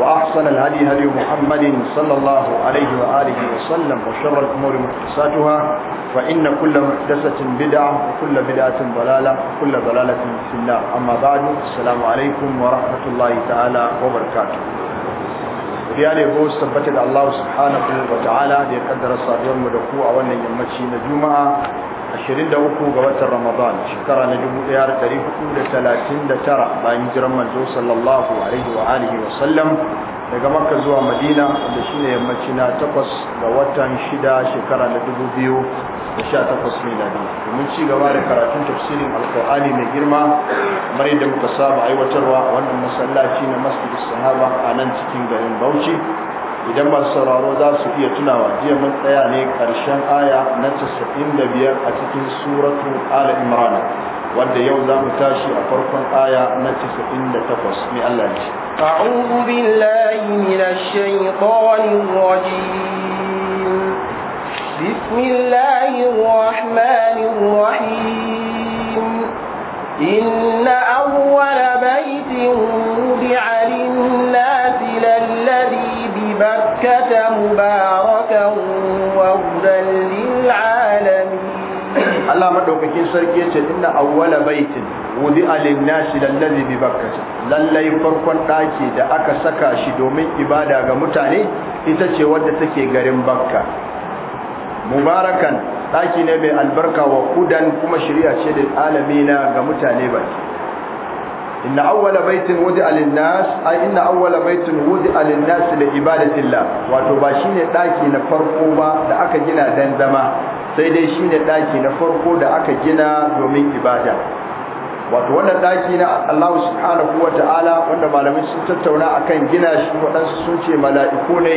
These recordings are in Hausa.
وأحسن الهدي هدي محمد صلى الله عليه وآله وسلم وشر الأمور محدثاتها فإن كل محدثة بدعة وكل بدعة ضلالة وكل ضلالة في النار أما بعد السلام عليكم ورحمة الله تعالى وبركاته وديالي هو استبتد الله سبحانه وتعالى لقدر صادر مدقوع وانا يمشي نجومها 23 ga watan Ramadan shekara na 1439 bayan Jiran manzo sallallahu alaihi wa alihi wa sallam daga Makka zuwa Madina wanda shine yammaci na 8 ga watan 6 shekara na 2018 miladi domin ci gaba da karatun tafsirin Alkur'ani mai girma kamar yadda muka saba aiwatarwa wannan masallaci na Masjidus Sahaba a nan cikin garin Bauchi idan masu sauraro za su iya tunawa jiya mun tsaya ne karshen aya na 95 a cikin suratu al imran wanda yau za mu tashi a farkon aya na 98 mai Allah ne a'udhu billahi minash shaitanir rajim bismillahir rahmanir rahim inna awwala baytin wudi'a lin مكة مباركا وهدى للعالمين Allah madaukakin sarki yace inna awwala baitin wudi'a lin-nasi lallazi bi Bakkah lallai farkon ɗaki da aka saka shi domin ibada ga mutane ita ce wadda take garin Bakka mubarakan ɗaki ne mai albarka wa kudan kuma shari'a ce da alamina ga mutane baki Inna إن أول wudi وضع للناس أي إن wato ba shine daki na farko ba da aka gina dan zama sai dai shine daki na farko da aka gina domin ibada. wato wannan daki na Allah subhanahu wa ta'ala wanda malamai sun tattauna akan gina shi waɗansu sun ce mala'iku ne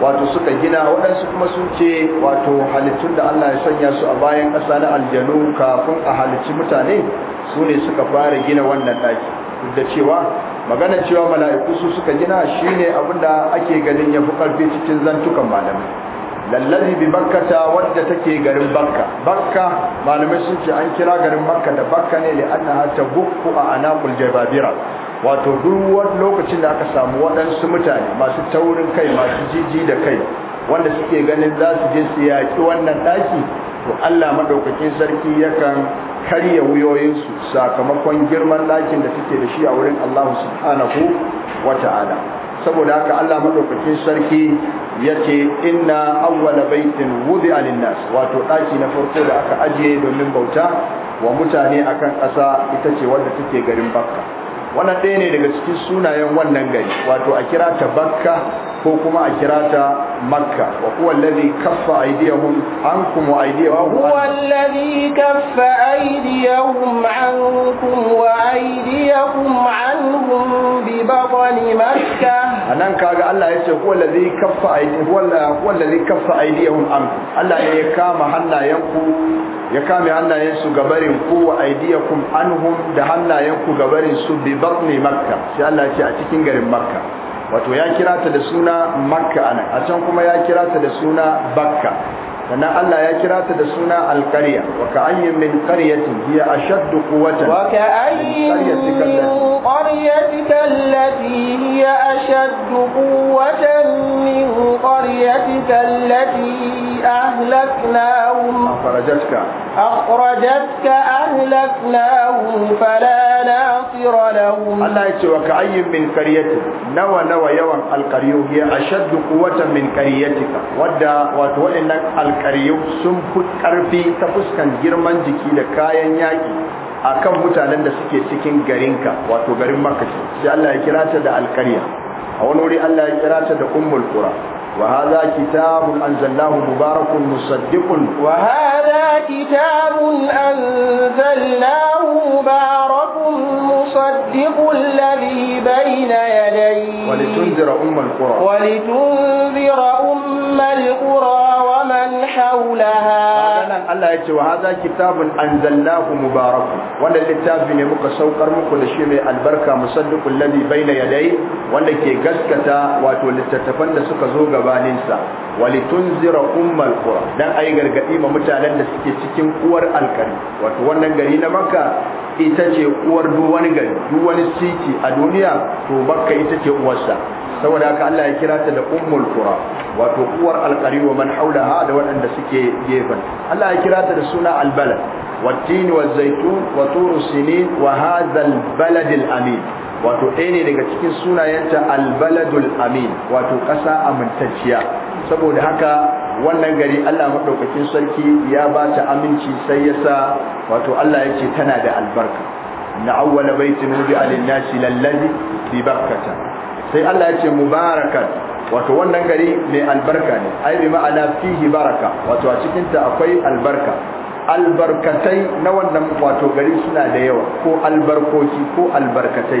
wato suka gina waɗansu kuma sun ce wato halittun da Allah ya sanya su a bayan ƙasa na aljanu kafin a halicci mutane su ne suka fara gina wannan daki da cewa magana cewa mala'iku su suka gina shine abinda ake ganin ya fi karfi cikin zantukan malamai lallazi bi bakkata wadda take garin bakka bakka malamai sun ce an kira garin bakka da bakka ne da ta tabukku a anaqul jababira wato duk wani lokacin da aka samu waɗansu mutane masu taurin kai masu jiji da kai wanda suke ganin za su je su yaƙi wannan ɗaki to Allah madaukakin sarki yakan karya wuyoyinsu sakamakon girman ɗakin da suke da shi a wurin Allah subhanahu wa ta'ala saboda haka Allah madaukakin sarki yace inna awwala baitin wudi'a lin-nas wato ɗaki na farko da aka ajiye domin bauta wa mutane akan ƙasa ita ce wanda take garin Bakka wannan ɗaya ne daga cikin sunayen wannan gari wato a kira ta bakka ko kuma a kira ta makka wa huwa alladhi kaffa aydiyahum ankum wa aydiyahum huwa alladhi kaffa aydiyahum ankum wa aydiyakum anhum bi batni makka anan kaga Allah yace huwa alladhi kaffa aydiyahum huwa alladhi kaffa aydiyahum Allah ne ya kama hannayenku ya kame hannayensu gabarin ku wa aidiyakum anhum da hannayenku gabarin su bi batni makka sai Allah ce a cikin garin makka wato ya kira ta da suna makka anan a can kuma ya kira ta da suna bakka sannan Allah ya kira ta da suna alqarya wa ka'ayyin min qaryatin hiya ashaddu quwwatan wa ka'ayyin min qaryatika allati hiya ashaddu quwwatan min qaryatika allati أهلكناهم أخرجتك أخرجتك أهلكناهم فلا ناصر لهم الله يتوى كأي من قرية نوى نوى يوى القرية هي أشد قوة من قريتك ودى وتولى لك القرية سنفت كرفي تفسكن جرمان جكي لكايا ياكي akan mutanen da suke cikin garinka wato garin makashi sai Allah ya kira ta da alkarya a wani wuri Allah ya kira ta da ummul qura وهذا كتاب أنزلناه مبارك مصدق وهذا كتاب أنزلناه مبارك مصدق الذي بين يديه ولتنذر أم القرى ولتنذر أم القرى ومن حولها Allah ya ce wa haza kitabun anzalnahu mubarakun wannan littafi ne muka saukar muku da shi mai albarka musaddiqul ladhi baina yadayhi wanda ke gaskata wato littattafan da suka zo gabanin sa walitunzira ummal qura dan ayi gargadi ma mutanen da suke cikin uwar alkari wato wannan gari na makka ita ce uwar duwani wani gari siti a duniya to bakka ita ce uwarsa saboda haka Allah ya kira ta da ummul qura wato uwar alqari wa man haulaha da waɗanda suke gefen Allah ya kira ta da suna albalad wa turu sinin wa hadhal balad alamin wato ɗaya ne daga cikin sunayenta albaladul amin wato ƙasa amintacciya saboda haka wannan gari Allah madaukakin sarki ya ba ta aminci sai yasa wato Allah yake tana da albarka na awwala baitin wudi'a lin-nasi lallazi bi bakkata sai Allah yake mubarakat wato wannan gari mai albarka ne ai bi ma'ana fihi baraka wato a cikin ta akwai albarka albarkatai na wannan wato gari suna da yawa ko albarkoki ko albarkatai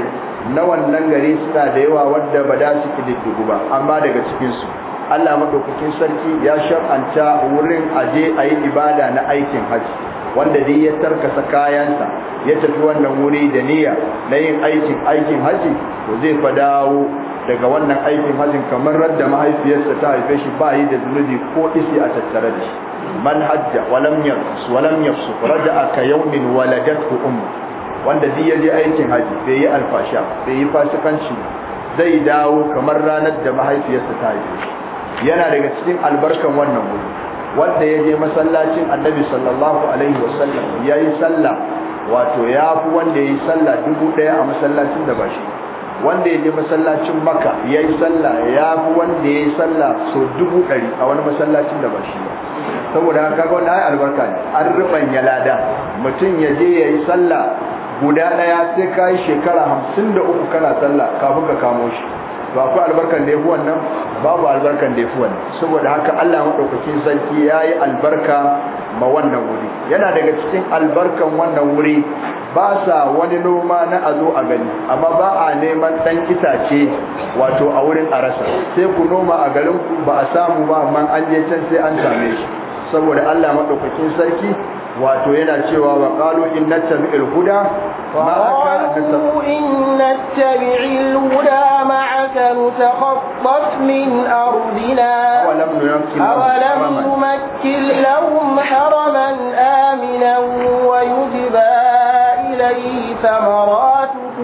na wannan gari suna da yawa wanda ba da su ba amma daga cikin su Allah madaukakin sarki ya shar'anta wurin aje a yi ibada na aikin haji wanda dai ya tarkasa kayansa ya tafi wannan wuri da niyya na yin aikin aikin haji to zai fa dawo daga wannan aikin hajin kamar radda mahaifiyarsa ta haife shi ba yi da zunubi ko isi a tattare da shi man hajja walam yafsu walam yafsu raja'a ka yawmin waladatu ummu wanda dai yaje aikin haji bai yi alfasha bai yi fasikanci zai dawo kamar ranar da mahaifiyarsa ta haife shi yana daga cikin albarkan wannan wuri wanda ya je masallacin annabi sallallahu alaihi wasallam ya yi sallah wato ya fi wanda ya yi sallah dubu ɗaya a masallacin da ba shi wanda ya je masallacin maka ya yi sallah ya fi wanda ya yi sallah so dubu ɗari a wani masallacin da ba shi ba saboda haka ga wannan albarka ne an ruɓanya lada mutum ya je ya yi sallah guda ɗaya sai ka yi shekara hamsin da uku kana sallah kafin ka kamo shi ba ku albarkan da yafi wannan babu albarkan da yafi wannan saboda haka Allah madaukakin sarki ya yi albarka ma wannan wuri yana daga cikin albarkan wannan wuri ba sa wani noma na azo a gani amma ba a neman dan itace wato a wurin arasa. sai ku noma a garin ku ba a samu ba amma an je can sai an same shi saboda Allah madaukakin sarki wato yana cewa wa qalu inna tabi'il huda ma'aka inna tabi'il huda ma'aka takhaffat min ardina awalam numakkil lahum haraman aminan wa yujba ilayhi thamarat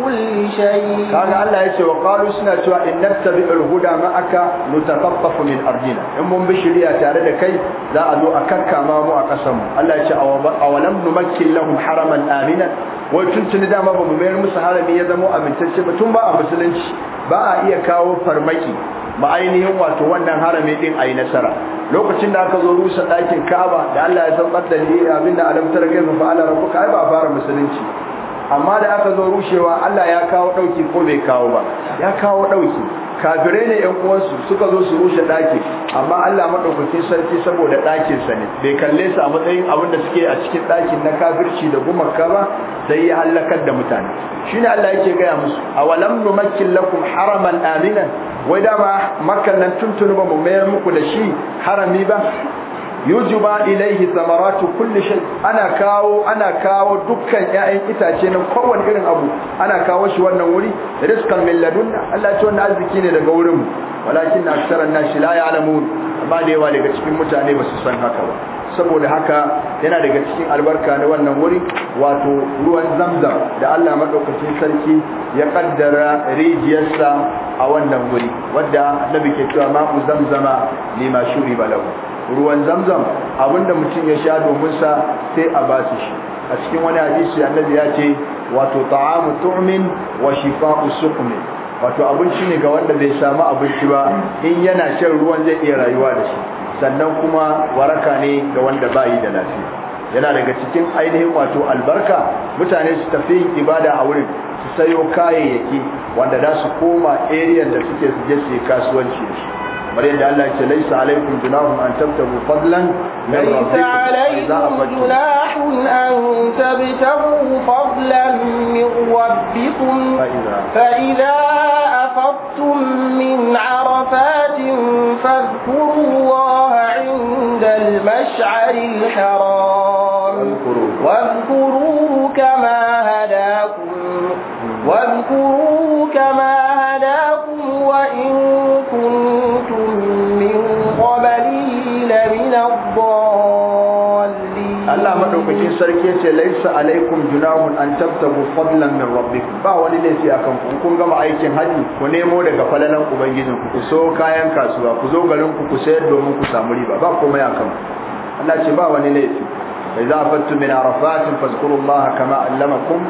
kulli shay kaga Allah yace wa qalu suna cewa in nattabi'ul huda aka nutataffaf min ardina in mun bi shari'a tare da kai za a zo a ma mu a kasan mu Allah yace awalam numakkin lahum haraman amina wai tun tuni dama ba mu mayar musu harami ya zama amintacce ba tun ba a musulunci ba a iya kawo farmaki ba wato wannan harami din ayi nasara lokacin da aka zo rusa ɗakin kaba da Allah ya san da abinda alam tarka fa ala rabbuka ai ba fara musulunci amma da aka zo rushewa Allah ya kawo ɗauki ko bai kawo ba ya kawo ɗauki. kafirai ne yan uwansu suka zo su rushe daki amma Allah madaukakin sarki saboda dakin sa ne bai kalle su a matsayin abin da suke a cikin ɗakin na kafirci da gumaka ba sai ya halakar da mutane shine Allah yake gaya musu awalam numakkin lakum haraman aminan wai dama makkan nan tuntunu ba mu mayar muku da shi harami ba yujuba ilaihi samaratu kulli shay ana kawo ana kawo dukkan 'ya'yan itace nan kowanne irin abu ana kawo shi wannan wuri rizqan min ladunna Allah ce wannan arziki ne daga wurin walakin aksaran nashi la ya'lamun amma da yawa daga cikin mutane ba su san haka ba saboda haka yana daga cikin albarka na wannan wuri wato ruwan zamzam da Allah madaukakin sarki ya kaddara rijiyarsa a wannan wuri wanda nabi ke cewa ma'u zamzama lima shuri balahu ruwan zamzam abinda mutum ya sha domin sa sai a basu shi a cikin wani hadisi annabi ya ce wato ta'amu tu'min wa shifa'u suqmi wato abinci ne ga wanda bai samu abinci ba in yana shan ruwan zai iya rayuwa da shi sannan kuma waraka ne ga wanda bai da lafiya yana daga cikin ainihin wato albarka mutane su tafi yin ibada a wurin su sayo kayayyaki wanda za su koma area da suke su je su yi kasuwanci da shi kamar yadda Allah ya ce laysa alaykum junahun an tabtabu fadlan laysa alaykum idza an tabtabu fadlan min rabbikum fa idza afattum min arafatin fadhkuru Allah inda al-mash'ar al-haram واذكروا sarki ce laisa alaikum junahun an tabtagu fadlan min rabbikum ba wani laifi kan ku kun gama aikin haji ku nemo daga falalan ubangijin ku ku so kayan kasuwa ku zo garin ku ku sayar domin ku samu riba ba komai a kan Allah ce ba wani laifi idza afattu min arafatin fazkurullaha kama allamakum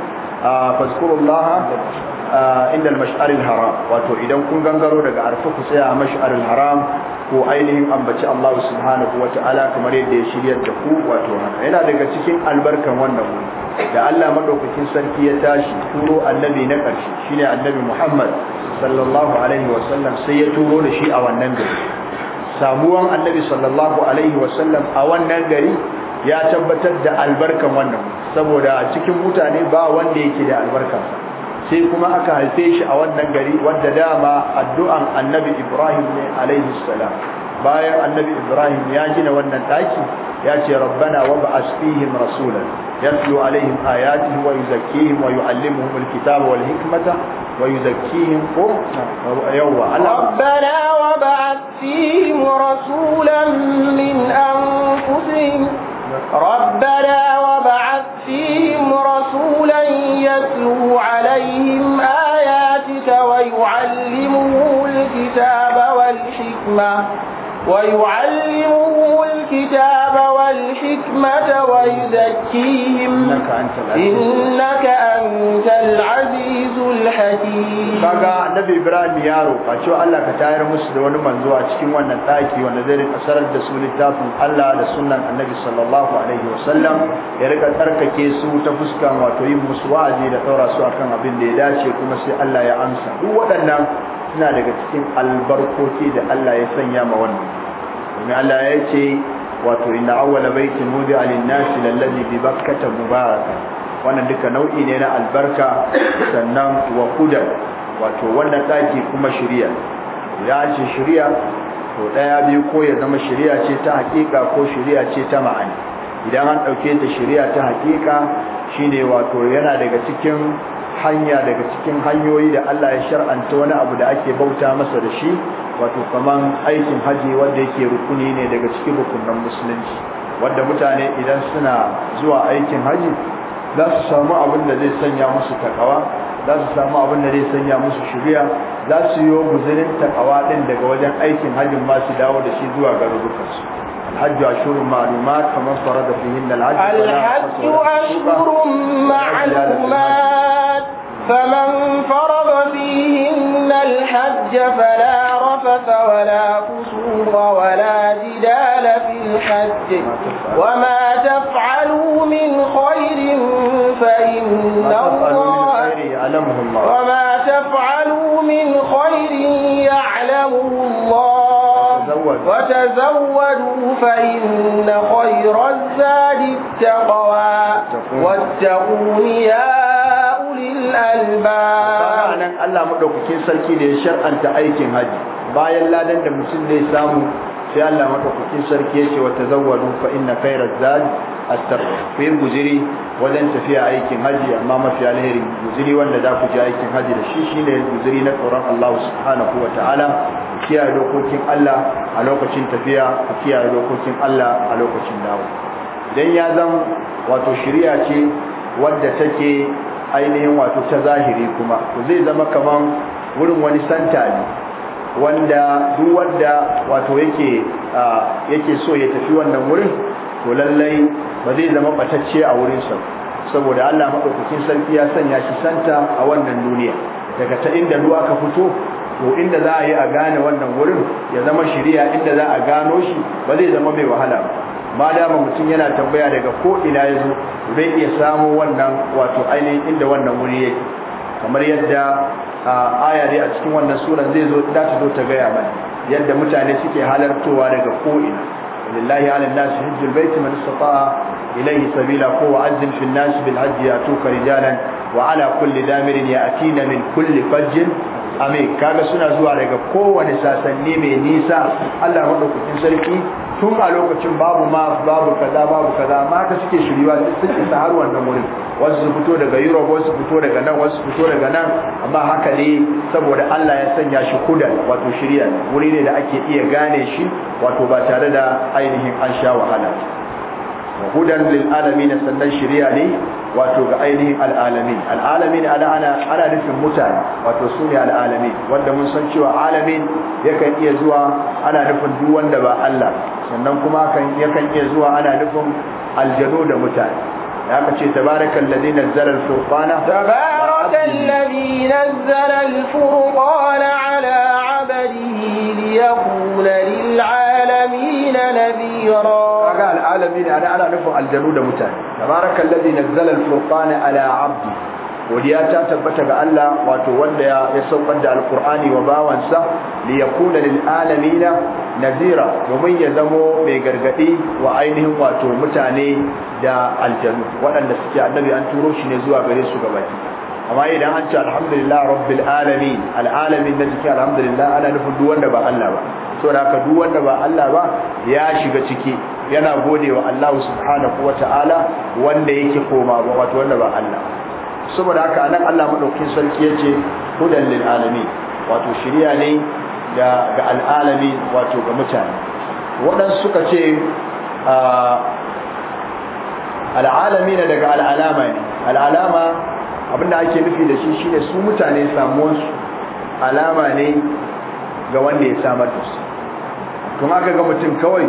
fazkurullaha inda al-mash'ar al-haram wato idan kun gangaro daga arfa ku tsaya a mash'ar haram ko ainihin ambaci Allah subhanahu wata'ala kamar yadda ya shirya da ku wato haka yana daga cikin albarkan wannan da Allah madaukakin sarki ya tashi turo annabi na ƙarshe shine annabi Muhammad sallallahu alaihi wa sallam sai ya turo da shi a wannan gari samuwan annabi sallallahu alaihi wa sallam a wannan gari ya tabbatar da albarkan wannan saboda cikin mutane ba wanda yake da albarkan sai kuma aka haife shi a wannan gari wanda dama addu'an annabi ibrahim ne alaihi salam bayan annabi ibrahim ya gina wannan daki ya ce rabbana wa ba'ath fihim rasulan yatlu alaihim ayatihi wa yuzakkihim wa yuallimuhum alkitaba wal hikmata wa yuzakkihim yawwa rabbana wa ba'ath fihim rasulan min anfusihim rabbana wa ba'as رسولا يتلو عليهم آياتك ويعلمه الكتاب والحكمة ويعلمهم الكتاب والحكمة ويزكيهم إنك أنت العزيز الحكيم kaga annabi Ibrahim ya roƙa cewa Allah ka tayar musu da wani manzo a cikin wannan ɗaki wanda zai rika sarar da su littafin Allah da sunan annabi sallallahu alaihi wasallam ya rika tsarkake su ta fuskan wato yin musu wa'azi da ɗaura su akan abin da ya dace kuma sai Allah ya amsa duk waɗannan suna daga cikin albarkoki da Allah ya sanya ma wannan domin Allah ya ce wato inna awwala baiti mudi alin nasi lallazi bi bakkata mubaraka wannan duka nau'i ne na albarka sannan wa hudan wato wannan daki kuma shari'a ya ce shari'a to daya biyu ko ya zama shari'a ce ta hakika ko shari'a ce ta ma'ani idan an dauke ta shari'a ta hakika shine wato yana daga cikin hanya daga cikin hanyoyi da Allah ya shar'anta wani abu da ake bauta masa da shi wato kaman aikin haji wanda yake rukuni ne daga cikin rukunan musulunci wanda mutane idan suna zuwa aikin haji za su samu abin da zai sanya musu takawa za su samu abin da zai sanya musu shiriya za su yi guzurin takawa din daga wajen aikin hajjin ma su dawo da shi zuwa garurukansu الحج أشهر معلومات فمن فرد فيهن العجل الحج أشهر معلومات الحج فلا رفث ولا فسوق ولا جدال في الحج وما تفعلوا من خير فإن الله وما تفعلوا من خير يعلمه الله وتزودوا فإن خير الزاد التقوى واتقون يا أولي الألباب nan Allah madaukakin sarki ne ya shar'anta aikin haji bayan ladan da mutum zai samu sai Allah madaukakin sarki ya ce wa tazawwadu fa inna khairaz zad at ku yi guziri wajen tafiya aikin haji amma mafi alheri guziri wanda za ku je aikin haji da shi shine guziri na tsoron Allah subhanahu wa ta'ala kiyaye dokokin Allah a lokacin tafiya ku kiyaye dokokin Allah a lokacin dawo dan ya zan wato shari'a ce wadda take ainihin wato ta zahiri kuma to zai zama kaman wurin wani santa ne wanda duk wanda wato yake yake so ya tafi wannan wurin to lallai ba zai zama batacce a wurin sa saboda Allah madaukakin sarki ya sanya shi santa a wannan duniya daga ta inda ruwa ka fito to inda za a yi a gane wannan wurin ya zama shiriya inda za a gano shi ba zai zama mai wahala ba ma dama mutum yana tambaya daga ko ina ya zo zai iya samu wannan wato ainihin inda wannan wuri yake kamar yadda aya dai a cikin wannan sura zai zo da ta zo ta gaya mana yadda mutane suke halartowa daga ko ina lillahi ala nas hajjul bait man istata'a ilayhi sabila ko wa'azzin fil nas bil ya yatuka rijalan wa ala kulli damirin ya'tina min kulli fajjin amin kaga suna zuwa daga kowane sasanni mai nisa Allah madaukakin sarki tun a lokacin babu ma babu kaza babu kaza mata suke shiriwa suke sa har wannan wurin wasu su fito daga Europe wasu fito daga nan wasu fito daga nan amma haka ne saboda Allah ya sanya shi kudan wato shirya wuri ne da ake iya gane shi wato ba tare da ainihin an sha wahala hudan lil alamin sannan shirya ne wato ga ainihin al'alami, al'alami ana ana nufin mutane wato su ne al'alami. wanda mun san cewa alamin yakan iya zuwa ana nufin duk wanda ba Allah sannan kuma kan yakan iya zuwa ana nufin aljanu da mutane da aka ce tabarakal ladzi nazzala al-furqana tabarakal ladzi nazzala عباده ليكون للعالمين نذيرا قال العالمين أنا أنا نفهم الجنود متان تبارك الذي نزل الفرقان على عبده godiya ta tabbata ga Allah wato wanda ya saukar da alkur'ani wa bawansa li yakuna lil na nazira domin ya zamo mai gargadi wa ainihin wato mutane da aljanu waɗanda suke annabi an turo shi ne zuwa gare su gabaki amma idan an ce alhamdulillah rabbil alamin alalamin na jiki alhamdulillah ana nufin duk wanda ba Allah ba da haka duk wanda ba Allah ba ya shiga ciki yana gode wa Allah subhanahu wataala wanda yake koma ba wato wanda ba Allah saboda haka anan Allah madauki sarki yace hudan lil alamin wato shiriya ne ga ga alalamin wato ga mutane waɗansu suka ce ah, al'alami na daga al'alama ne al'alama abinda ake nufi da shi shine su mutane samuwan su alama ne ga wanda ya samar da su kuma aka ga mutum kawai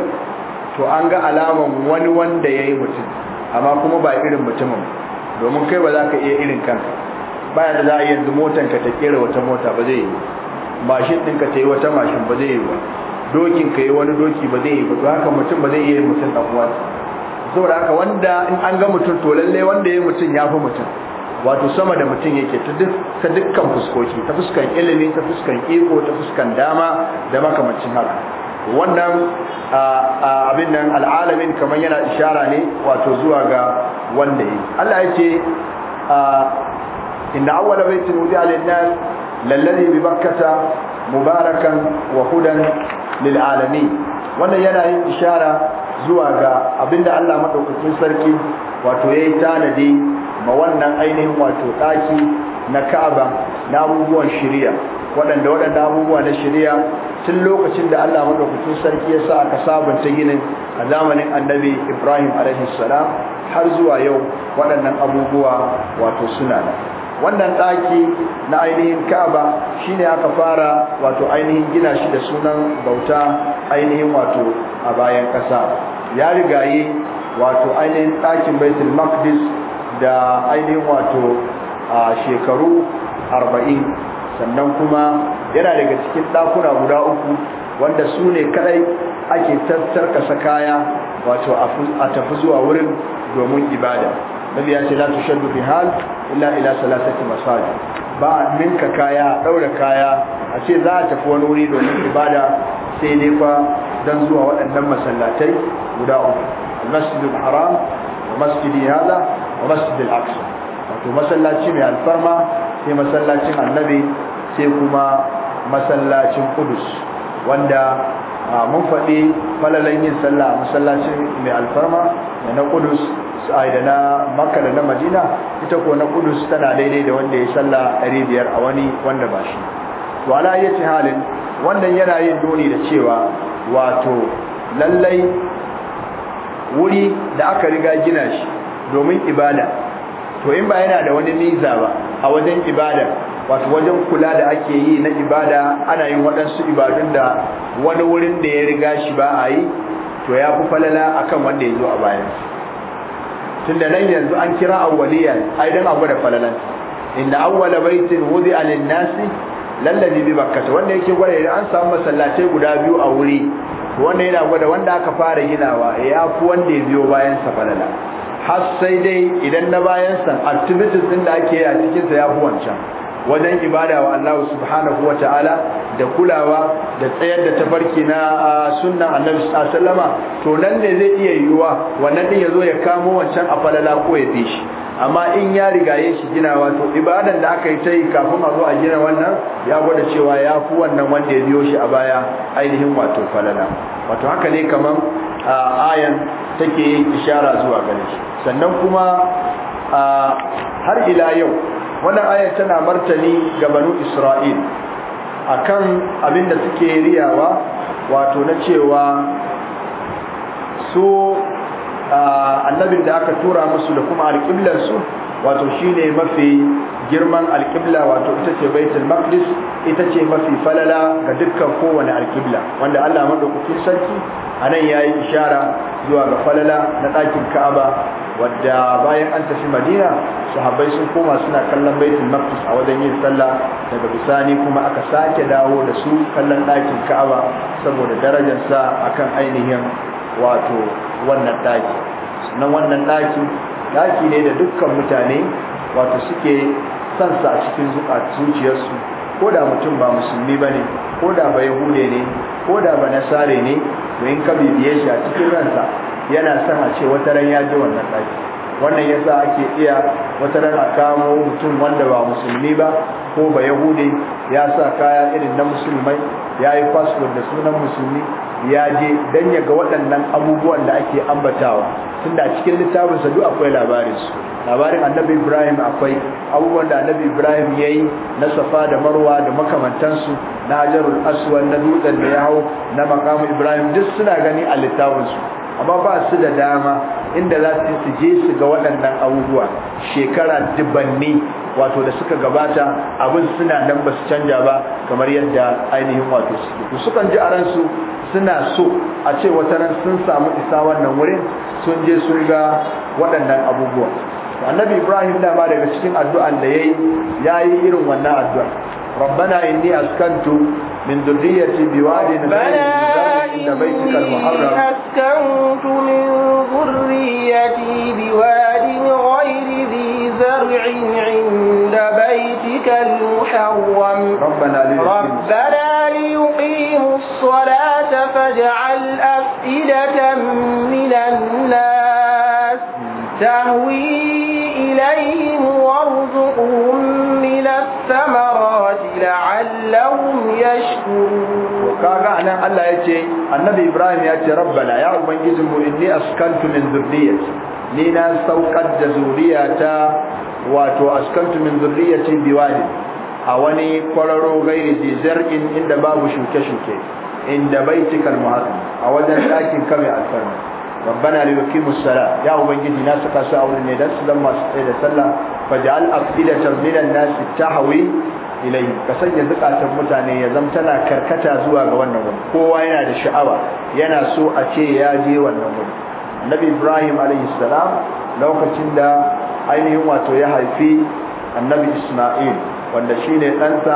to an ga alaman wani wanda ya yi mutum amma kuma ba irin mutumin domin kai ba za ka iya irin kanka baya da za a yanzu motanka ta kera wata mota ba zai yi mashin ɗinka ta yi wata mashin ba zai yi ba dokin ka yi wani doki ba zai yi ba to haka mutum ba zai iya mutum ɗan uwansa saboda haka wanda in an ga mutum to lallai wanda ya yi mutum ya fi mutum wato sama da mutum yake ta ta dukkan fuskoki ta fuskan ilimi ta fuskan iko ta fuskan dama da makamancin haka wannan abin nan al'alamin kamar yana ishara ne wato zuwa ga wanda yi Allah yake inda awwala baitin wudi'a lin-nas bi bakkata mubarakan wa hudan wannan yana yin ishara zuwa ga abinda Allah madaukakin sarki wato yayi tanadi ma wannan ainihin wato ɗaki na Ka'aba na abubuwan shiriya waɗanda waɗanda abubuwa na shiriya tun lokacin da Allah madaukakin sarki ya sa aka sabunta ginin a zamanin Annabi Ibrahim alaihi salam har zuwa yau waɗannan abubuwa wato suna nan wannan ɗaki na ainihin Ka'aba shine aka fara wato ainihin gina shi da sunan bauta ainihin wato a bayan ƙasa ya rigaye wato ainihin ɗakin Baitul Maqdis da ainihin wato a shekaru arba'in sannan kuma yana daga cikin ɗakuna guda uku wanda su ne kadai ake tattarkasa kaya wato a tafi zuwa wurin domin ibada nabi ya ce la tushaddu hal illa ila salasati masajid ba ninka kaya daura kaya a ce za a tafi wani wuri domin ibada sai ne fa dan zuwa waɗannan masallatai guda uku al-masjidul haram wa masjidi masjid al-aqsa wato masallaci mai alfarma sai masallacin annabi sai kuma masallacin kudus wanda mun faɗi falalan yin sallah a masallacin mai alfarma da na kudus da na makka da na madina ita ko na kudus tana daidai da wanda ya sallah ɗari biyar a wani wanda ba shi to ala yace halin wannan yana yin doni da cewa wato lallai wuri da aka riga gina shi domin ibada to in ba yana da wani niza ba a wajen ibada wato wajen kula da ake yi na ibada ana yin waɗansu ibadun da wani wurin da ya riga shi ba a yi to ya fi falala akan wanda ya zo a bayan Tun da nan yanzu an kira awwaliya ai dan abu da falalan inda awwala baitin wudi'a alin nasi lallabi bi bakkata wanda yake gwada idan an samu masallatai guda biyu a wuri to wanda yana gwada wanda aka fara ginawa ya fi wanda ya biyo bayan sa falala har sai dai idan na bayan san activities din da ake yi a cikin sa yafi wancan wajen ibada wa Allah subhanahu wa ta'ala da kulawa da tsayar da tafarki na sunna Annabi sallallahu to nan ne zai iya yiwuwa wannan din yazo ya kamo wancan a falala ko ya fi shi amma in ya rigaye shi ginawa to ibadan da aka yi ta yi kafin a zo a gina wannan ya gwada cewa ya fi wannan wanda ya biyo shi a baya ainihin wato falala wato haka ne kaman ayan take yin ishara zuwa gare shi sannan kuma har ila yau wannan ayat tana martani ga banu Isra'il akan abin da suke riyawa wato na cewa su annabin da aka tura musu da kuma alƙiblar su wato shine mafi girman alkibla wato ita ce baitul maqdis ita ce mafi falala ga dukkan kowane alkibla wanda Allah madaukakin sarki anan yayi ishara zuwa ga falala na ɗakin Ka'aba wadda bayan an tafi Madina sahabbai sun koma suna kallon baitul maqdis a wajen yin sallah daga bisani kuma aka sake dawo da su kallon ɗakin Ka'aba saboda darajarsa akan ainihin wato wannan ɗaki sannan wannan ɗaki daki ne da dukkan mutane wato suke sansa a cikin zuciyarsu ko da mutum ba musulmi ba ne ko da ba yahude ne ko da ba nasare ne to in ka bibiye shi a cikin ransa yana son a ce wata ran ya ji wannan daki wannan ya sa ake iya wata ran kamo mutum wanda ba musulmi ba ko ba yahudi ya sa kaya irin na musulmai ya yi fasfod da sunan musulmi ya je don ya ga waɗannan abubuwan da ake ambatawa tun da cikin littafinsa duk akwai labarinsu labarin annabi ibrahim akwai abubuwan da annabi ibrahim ya yi na safa da marwa da makamantansu na hajarul aswan na dutsen da ya hau na makamu ibrahim duk suna gani a littafinsu amma ba su da dama inda za su su je su ga waɗannan abubuwa shekara dubanni wato da suka gabata abin suna nan ba su canja ba kamar yadda ainihin wato suke sukan ji a ransu suna so a ce wata ran sun samu isa wannan wurin sun je sun ga waɗannan abubuwa annabi ibrahim dama daga cikin addu'an da ya yi irin wannan addu'a ربنا إني أسكنت من ذريتي بواد عند بيتك المحرم أسكنت من ذريتي بواد غير ذي زرع عند بيتك المحرم ربنا ربنا ليقيموا الصلاة فاجعل أفئدة من الناس تهوي إليهم la'allahum yashkurun kaga anan Allah yace annabi Ibrahim yace rabbana ya ubangiji mu inni askantu min zurriyyati ni na saukar da zuriyata wato askantu min zurriyyati biwadi a wani kwararo gairi zar'in inda babu shuke-shuke inda baitikal muharram a wajen dakin kame alfarma ربنا ليقيموا الصلاة يا أبنجي ناس قاسوا أولي الناس لما سئل الصلاة فجعل أفئدة من الناس تحوي ilai ka sanya zukatan mutane ya zama tana karkata zuwa ga wannan wuri kowa yana da sha'awa yana so a ce ya je wannan wuri annabi ibrahim alaihi salam lokacin da ainihin wato ya haifi annabi isma'il wanda shine ɗansa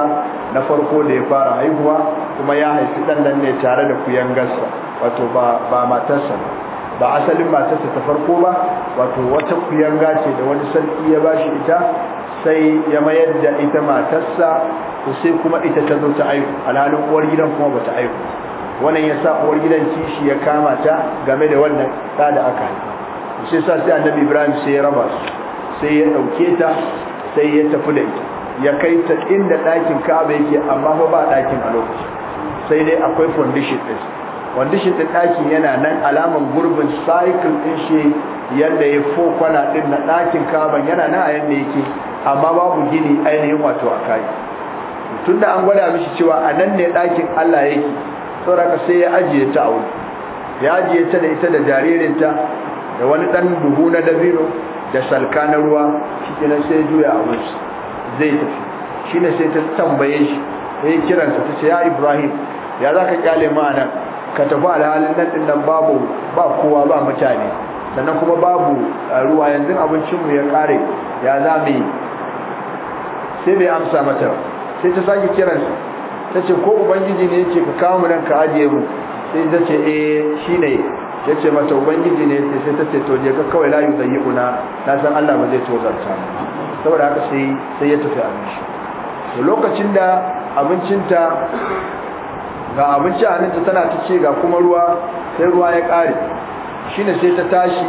na farko da ya fara haihuwa kuma ya haifi ɗan nan ne tare da kuyangarsa wato ba ba matarsa ba asalin matarsa ta farko ba wato wata kuyanga ce da wani sarki ya bashi ita sai ya mayar da ita matarsa sai kuma ita ta zo ta aiku alhalin uwar gidan kuma ba ta aiku wannan yasa uwar gidan kishi ya kama ta game da wannan da da aka yi sai sa sai annabi Ibrahim sai ya raba su sai ya ɗauke ta sai ya tafi da ita ya kai ta inda ɗakin kaba yake amma ba ɗakin a lokaci, sai dai akwai foundation ɗin wandishin ɗin ɗakin yana nan alaman gurbin cycle ɗin shi yadda ya fo kwana ɗin na ɗakin kaban yana nan a yadda yake amma babu gini ainihin wato a kayi tun da an gwada mishi cewa a nan ne ɗakin Allah yake sauraka sai ya ajiye ta a wuri ya ajiye ta da ita da jaririnta da wani ɗan buhu na dabino da salka na ruwa shi sai juya a wuri zai tafi shi ne sai ta tambaye shi ya yi kiransa ta ce ya ibrahim ya za ka kyale nan? ka tafi alhalin nan din nan babu ba kowa ba mutane sannan kuma babu uh, ruwa yanzu abincinmu ya kare ya za mu yi sai bai amsa mata sai ta sake kiransa ta ce ko ubangiji ne yake ka kawo mu nan ka ajiye mu sai ta ce eh ne. ya ce mata ubangiji ne sai ta ce to je ka kawai layu zai yi una na san Allah ba zai tozarta saboda haka sai sai ya tafi abinci to lokacin da abincinta ga abinci a hannunta tana ta ce ga kuma ruwa sai ruwa ya ƙare ne sai ta tashi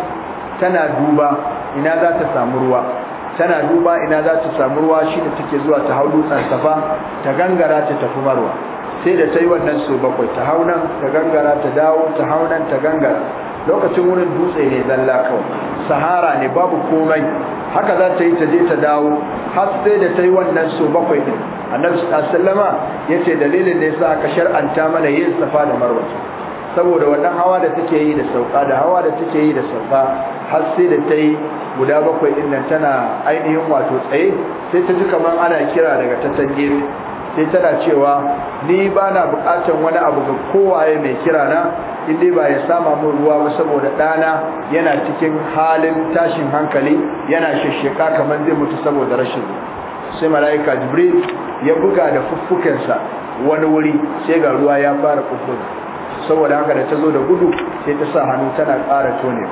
tana duba ina za ta samu ruwa tana duba ina za ta samu ruwa shi ne take zuwa ta hau dutsen safa ta gangara ta tafi marwa sai da ta yi wannan su bakwai ta hau nan ta gangara ta dawo ta hau nan ta gangara lokacin wurin dutse ne zalla kawai sahara ne babu komai haka za ta yi ta je ta dawo har sai da ta yi wannan so bakwai din annabi sallama ya ce dalilin da yasa aka shar'anta mana yin safa da marwa saboda wannan hawa da take yi da sauka da hawa da take yi da sauka har sai da ta yi guda bakwai din nan tana ainihin wato tsaye sai ta ji kamar ana kira daga tattan sai tana cewa ni ba na bukatan wani abu ga kowaye mai kira na in dai ba ya sama mun ruwa ba saboda ɗana yana cikin halin tashin hankali yana shashshaka kamar zai mutu saboda rashin sai mala'ika jibril ya buga da fuffukensa wani wuri sai ga ruwa ya fara fuffuka saboda haka da ta zo da gudu sai ta sa hannu tana ƙara tone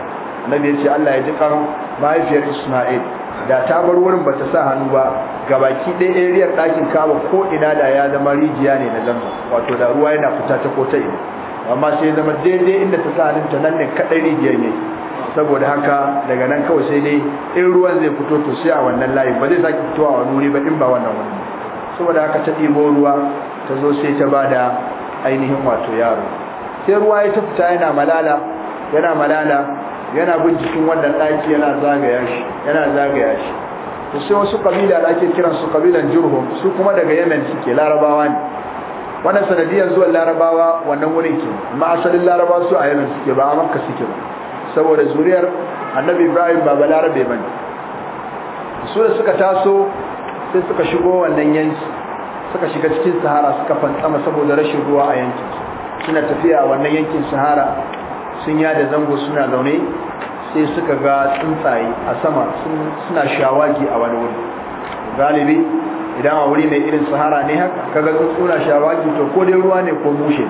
annabi ya ce Allah ya ji kan mahaifiyar Isma'il da ta bar wurin ba ta sa hannu ba gabaki ɗaya eriyar ɗakin kaba ko ina da ya zama rijiya ne na zamba wato da ruwa yana fita ta ko ta ina amma sai zama daidai inda ta sa ta nan ne kadai rijiyar ne saboda haka daga nan kawai sai dai in ruwan zai fito to sai a wannan layi ba zai sake fito a wani ba in ba wannan wani saboda haka ta ɗibo ruwa ta zo sai ta bada ainihin wato yaro sai ruwa ya ta fita yana malala yana malala yana bin jikin wannan ɗaki yana zagaya shi yana zagaya shi to sai wasu kabila da ake kiransu su kabilan jurhum su kuma daga yemen suke larabawa ne wannan sanadiyar zuwa larabawa wannan wurin ke amma asalin larabawa su a yamin suke ba a makka suke ba saboda zuriyar annabi ibrahim ba ba larabe ba ne su da suka taso sai suka shigo wannan yanki suka shiga cikin sahara suka fantsama saboda rashin ruwa a yankin suna tafiya wannan yankin sahara sun ya da zango suna zaune sai suka ga tsuntsaye a sama suna shawagi a wani wuri galibi idan a wuri mai irin sahara ne haka kaga tsuntsuna shawagi to ko dai ruwa ne ko mushe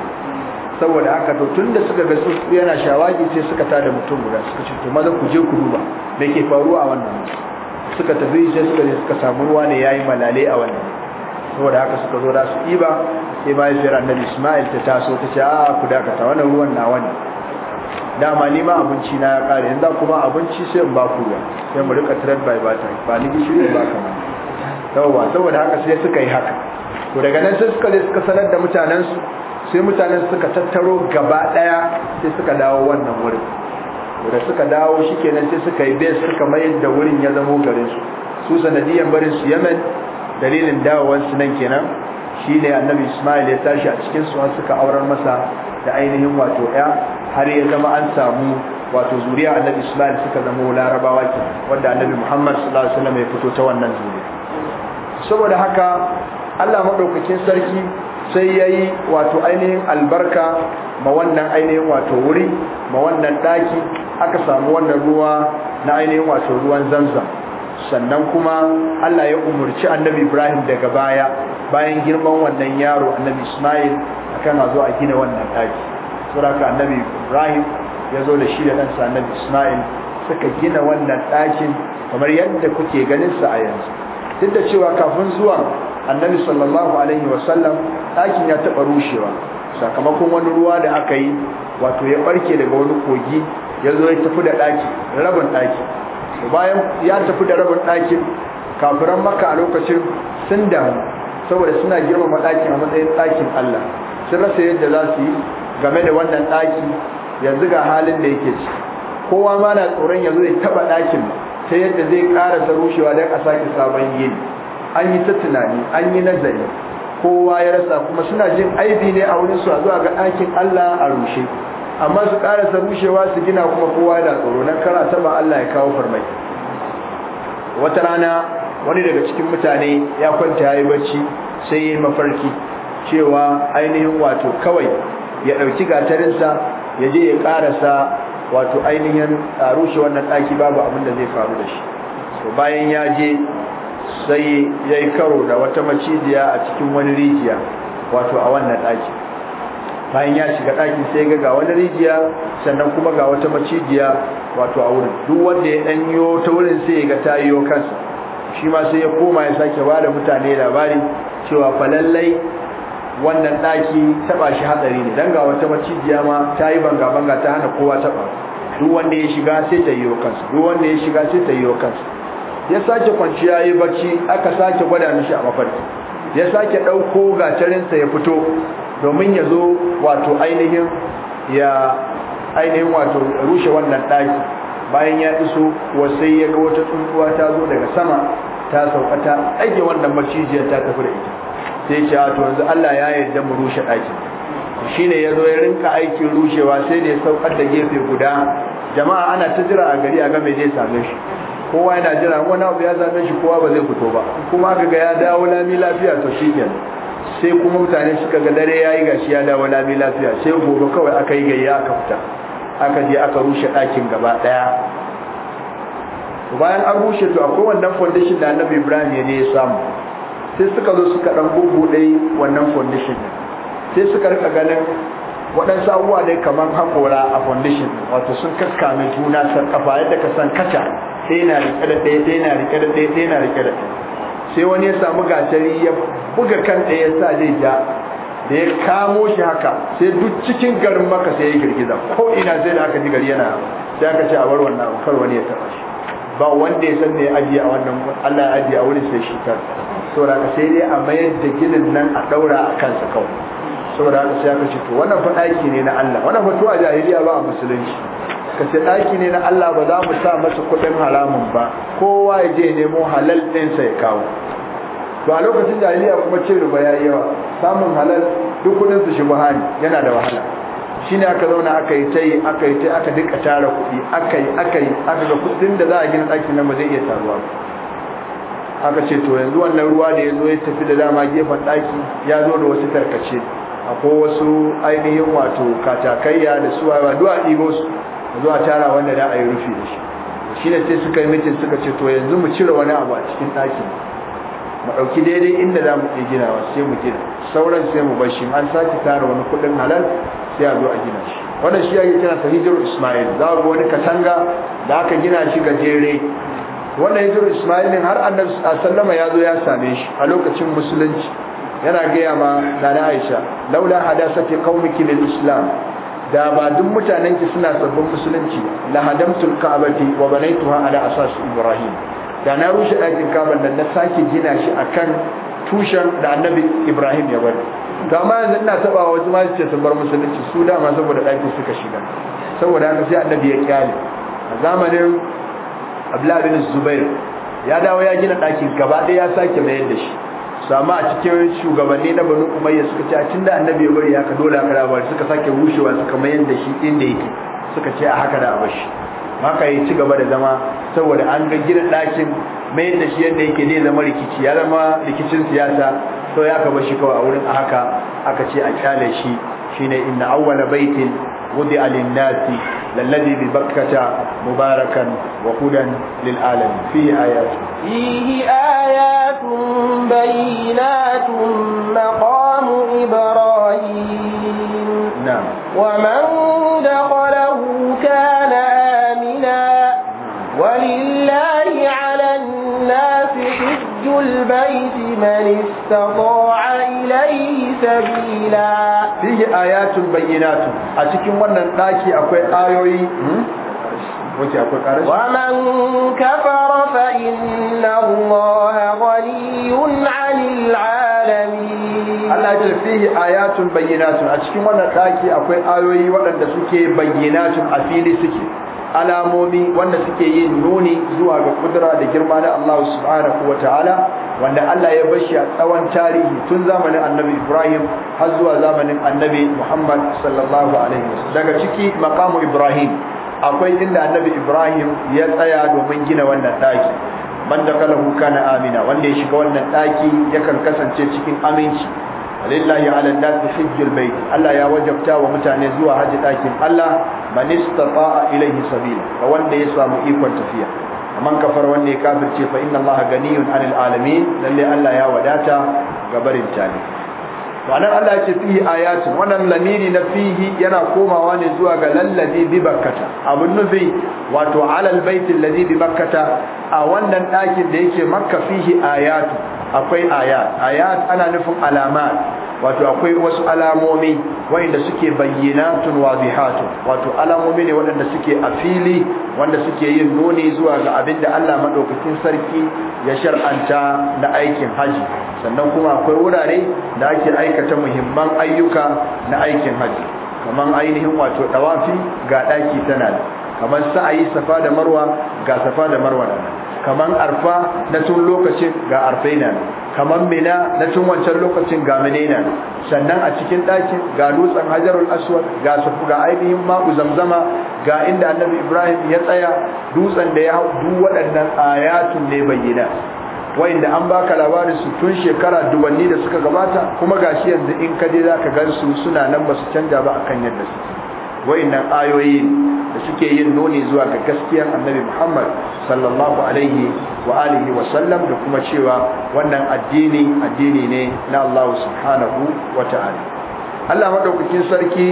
saboda haka to tunda suka ga tsuntsu yana shawagi sai suka tada mutum guda suka ce to maza ku je ku duba me ke faruwa a wannan suka tafi sai suka je suka samu ruwa ne yayi malale a wannan saboda haka suka zo da su iba sai mahaifiyar annabi Ismail ta taso ta ce a ku dakata wannan ruwan na wani dama ni ma abinci na ya kare yanzu kuma abinci sai in ba ku ruwa sai mu rika trade by barter ba ni gishiri ba kamar yawwa saboda haka sai suka yi haka to daga nan sai suka suka sanar da mutanen su sai mutanen suka tattaro gaba daya sai suka dawo wannan wurin da suka dawo shikenan sai suka yi bes suka mayar da wurin ya zama garin su su sanadiyan barin su Yemen dalilin dawowar su nan kenan shine annabi Ismail ya tashi a cikin su suka aurar masa da ainihin wato ya har ya zama an samu wato zuriya annabi Ismail suka zama larabawa ke wanda annabi Muhammad sallallahu alaihi wasallam ya fito ta wannan zuriya saboda haka Allah madaukakin sarki sai yayi wato ainihin albarka ma wannan ainihin wato wuri ma wannan daki aka samu wannan ruwa na ainihin wato ruwan zamzam sannan kuma Allah ya umurci annabi Ibrahim daga baya bayan girman wannan yaro annabi Ismail akan a zo a gina wannan daki saboda annabi Ibrahim ya zo da shi da ɗansa annabi Ismail suka gina wannan ɗakin kamar yadda kuke ganinsa a yanzu duk da cewa kafin zuwa annabi sallallahu alaihi wasallam ɗakin ya taɓa rushewa sakamakon wani ruwa da aka yi wato ya barke daga wani kogi ya zo ya tafi da ɗaki rabin ɗaki bayan ya tafi da rabin ɗakin kafiran maka a lokacin sun damu saboda suna girmama ɗakin a matsayin ɗakin Allah sun rasa yadda za su yi game da wannan ɗaki yanzu ga halin da yake ci kowa ma na tsoron ya zo ya taɓa ɗakin ta yadda zai ta rushewa don a sake sabon yini an yi ta tunani an yi nazari kowa ya rasa kuma suna jin aibi ne a wurin su a zuwa ga ɗakin Allah a rushe amma su ta rushewa su gina kuma kowa da tsoro nan kara taba Allah ya kawo farmaki wata rana wani daga cikin mutane ya kwanta ya yi bacci sai ya mafarki cewa ainihin wato kawai ya ɗauki gatarinsa ya je ya ƙarasa wato ainihin rushe wannan ɗaki babu abin da zai faru da shi bayan ya je sai ya yi karo da wata macijiya a cikin wani rijiya wato a wannan ɗaki bayan ya shiga ɗaki sai ga wani rijiya sannan kuma ga wata macijiya wato a wurin duk wanda ya ɗanyo ta wurin sai ya ga tayiyo kansa shi ma sai ya koma ya sake ba da mutane labari cewa falallai wannan ɗaki taba shi hatsari ne dan ga wata macijiya ma ta yi banga banga ta hana kowa taba duk wanda ya shiga sai ta yi kansa duk wanda ya shiga sai ta yi kansa ya sake kwanciya yi bacci aka sake gwada mishi a mafarki ya sake dauko gatarinsa ya fito domin ya zo wato ainihin ya ainihin wato rushe wannan daki bayan ya iso sai ya ga wata tsuntsuwa ta zo daga sama ta sauka ta ɗage wannan macijiyar ta tafi da ita sai ce a to yanzu Allah ya yarda mu rushe ɗakin shine ya zo ya rinka aikin rushewa sai da ya saukar da gefe guda jama'a ana ta jira a gari a ga me zai same shi kowa yana jira wani abu ya same shi kowa ba zai fito ba kuma aka ga ya dawo lami lafiya to shikenan sai kuma mutane suka ga dare yi gashi ya dawo lami lafiya sai gobe kawai aka yi gayya aka fita aka je aka rushe ɗakin gaba ɗaya bayan an rushe to akwai wannan foundation da annabi ibrahim ya ne ya samu sai suka zo suka dan bubbuɗe wannan foundation sai suka rika ganin waɗansu abubuwa dai kamar haƙora a foundation wato sun mai juna san kafa yadda ka san kaca sai na riƙe da ɗaya sai na riƙe da ɗaya sai na riƙe da ɗaya sai wani ya samu gatari ya buga kan ɗaya ya sa zai ja da ya kamo shi haka sai duk cikin garin maka sai ya girgiza ko ina zai da aka ji gari yana sai aka ce a bar wannan abu kar wani ya taɓa shi ba wanda ya san ne ajiye a wannan Allah ya ajiye a wurin sai shi ta. saboda ka sai dai a mayar da ginin nan a daura a kansa kawai saboda haka sai aka ce wannan fa daki ne na Allah wannan fa to a jahiliya ba a musulunci ka ce daki ne na Allah ba za mu sa masa kuɗin haramun ba kowa ya je nemo halal ɗinsa ya kawo ba lokacin jahiliya kuma ce ruba ya yawa samun halal duk kuɗin su shi buhari yana da wahala shine aka zauna aka yi tai aka yi tai aka duka tara kuɗi aka yi aka yi aka ga kuɗin da za a gina ɗaki nan ba zai iya taruwa ba aka ce to yanzu wannan ruwa da ya zo ya tafi da dama gefen ɗaki ya zo da wasu tarkace akwai wasu ainihin wato katakaiya da su wayewa duwa ɗibo su a tara wanda da a rufi da shi shi ne sai suka yi mitin suka ce to yanzu mu cire wani abu a cikin ɗakin mu ɗauki daidai inda za mu iya ginawa sai mu gina sauran sai mu bar shi an sake tara wani kuɗin halal sai a zo a gina shi wannan shi ake kira sa ismail za ga wani katanga da aka gina shi gajere wannan jira ne har annabi sallama ya zo ya same shi a lokacin musulunci yana gaya ma nana aisha laula hadasati qaumiki lil islam da ba duk mutanen ki suna sabbin musulunci la hadamtul ka'bati wa banaituha ala asas ibrahim da na rushe ɗakin kaban nan na sake gina shi akan tushen da annabi ibrahim ya bari to amma yanzu ina taba wasu ma ce sun bar musulunci su dama saboda ɗakin suka shiga saboda haka sai annabi ya kyale a zamanin abdullahi bin zubair ya dawo ya gina ɗakin gaba ɗaya ya sake mayar da shi sama a cikin shugabanni na banu umayya suka ce a cin da annabi ya ka dole aka rabar suka sake rushewa suka mayar da shi inda yake suka ce a haka da a bashi haka ya ci gaba da zama saboda an ga gina ɗakin mayar da shi yadda yake ne zama rikici ya zama rikicin siyasa sau ya ka bashi kawai a wurin haka aka ce a kyale shi shine inna awwala baitin وضع للناس للذي ببكة مباركا وهدى للعالم فيه آيات فيه آيات بينات مقام إبراهيم نعم ومن دخله كان آمنا نعم. ولله البيت من استطاع إليه سبيلا فيه آيات بينات أشكي وانا ناكي أكوي آيوي ومن كفر فإن الله غني عن العالمين Allah ce fihi ayatun bayyinatun a cikin wannan daki akwai ayoyi waɗanda suke bayyinatun a fili suke alamomi wanda suke yin nuni zuwa ga kudura da girma na Allah subhanahu wa ta'ala wanda Allah ya bashi a tsawon tarihi tun zamanin annabi Ibrahim har zuwa zamanin annabi Muhammad sallallahu alaihi wasallam daga ciki makamu Ibrahim akwai inda annabi Ibrahim ya tsaya domin gina wannan daki banda kalahu kana amina wanda ya shiga wannan daki yakan kasance cikin aminci lillahi ala nasi hajjul bait Allah ya wajabta wa mutane zuwa haji dakin Allah man istata'a ilayhi sabila Ka wanda ya samu ikon tafiya man kafar wanda ya kafirce fa inna Allah ganiyun 'anil alamin lalle Allah ya wadata ga barin tani to Allah yake fi ayati wannan lamiri na fihi yana komawa ne zuwa ga lallazi bi bakkata abun nufi wato alal bait alladhi bi bakkata a wannan dakin da yake makka fihi ayatu akwai ayat ayat ana nufin alama. wato akwai wasu alamomi wanda suke bayyanatun wazihatu wato alamomi ne waɗanda suke a fili wanda suke yin nuni zuwa ga abin da Allah madaukakin sarki ya shar'anta na aikin haji sannan kuma akwai wurare da ake aikata muhimman ayyuka na aikin haji kamar ainihin wato dawafi ga daki tana kamar sa'ayi safa da marwa ga safa da marwa nan kaman arfa na tun lokacin ga arfaina kaman mina na tun wancan lokacin ga minena sannan a cikin ɗakin ga dutsen hajarul aswad ga sufu ga ainihin ma'u zamzama ga inda annabi ibrahim ya tsaya dutsen da ya hau waɗannan ayatun ne bayyana da an baka labarin su tun shekara dubanni da suka gabata kuma gashi yanzu in ka je zaka gan su suna nan ba su canja ba akan yadda suke wayannan ayoyi da suke yin nuni zuwa ga gaskiyar annabi Muhammad sallallahu alaihi wa alihi wa sallam da kuma cewa wannan addini addini ne na Allah subhanahu wa ta'ala Allah madaukakin sarki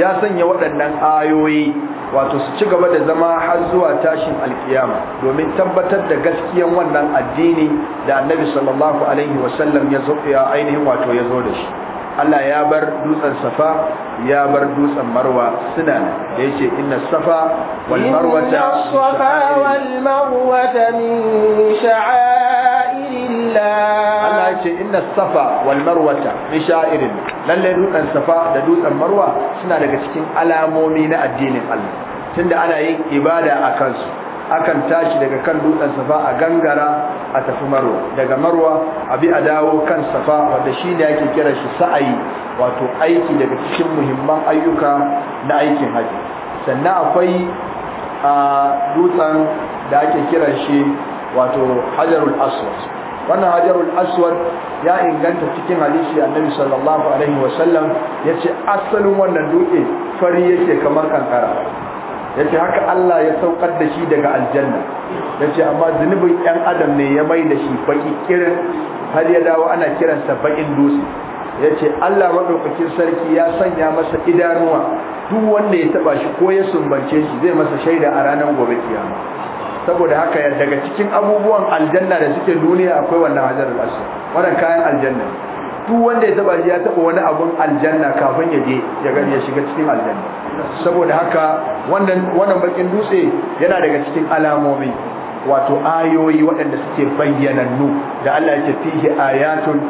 ya sanya waɗannan ayoyi wato su ci gaba da zama har zuwa tashin alkiyama domin tabbatar da gaskiyan wannan addini da annabi sallallahu alaihi wa sallam ya zo ya ainihin wato ya zo da shi Allah ya bar dutsen safa ya bar dutsen marwa suna nan da yake inna safa wal marwata safa wal marwata min sha'airillah Allah yake inna safa wal marwata min sha'irin lalle dutsen safa da dutsen marwa suna daga cikin alamomi na addinin Allah tunda ana yin ibada a kansu akan tashi daga kan dutsen safa a gangara a tafi marwa daga marwa a bi a dawo kan safa wanda shi ne ake kira shi sa'ayi wato aiki daga cikin muhimman ayyuka na aikin haji sannan akwai a dutsen da ake kiran shi wato hajarul aswad wannan hajarul aswad ya inganta cikin hadisi annabi sallallahu alaihi wasallam yace asalin wannan dutse fari yake kamar kankara yace haka Allah ya saukar da shi daga aljanna yace amma zunubin ɗan adam ne ya mai da shi baki kirin har ya dawo ana kiransa bakin dutse yace Allah madaukakin sarki ya sanya masa idanuwa duk wanda ya taba shi ko ya sumbance shi zai masa shaida a ranar gobe kiyama saboda haka daga cikin abubuwan aljanna da suke duniya akwai wannan hajarul asr wannan kayan aljanna duk wanda ya taba ya taba wani abun aljanna kafin ya je ya gani ya shiga cikin aljanna saboda haka wannan wannan bakin dutse yana daga cikin alamomi wato ayoyi waɗanda suke bayyanannu da Allah yake fihi ayatun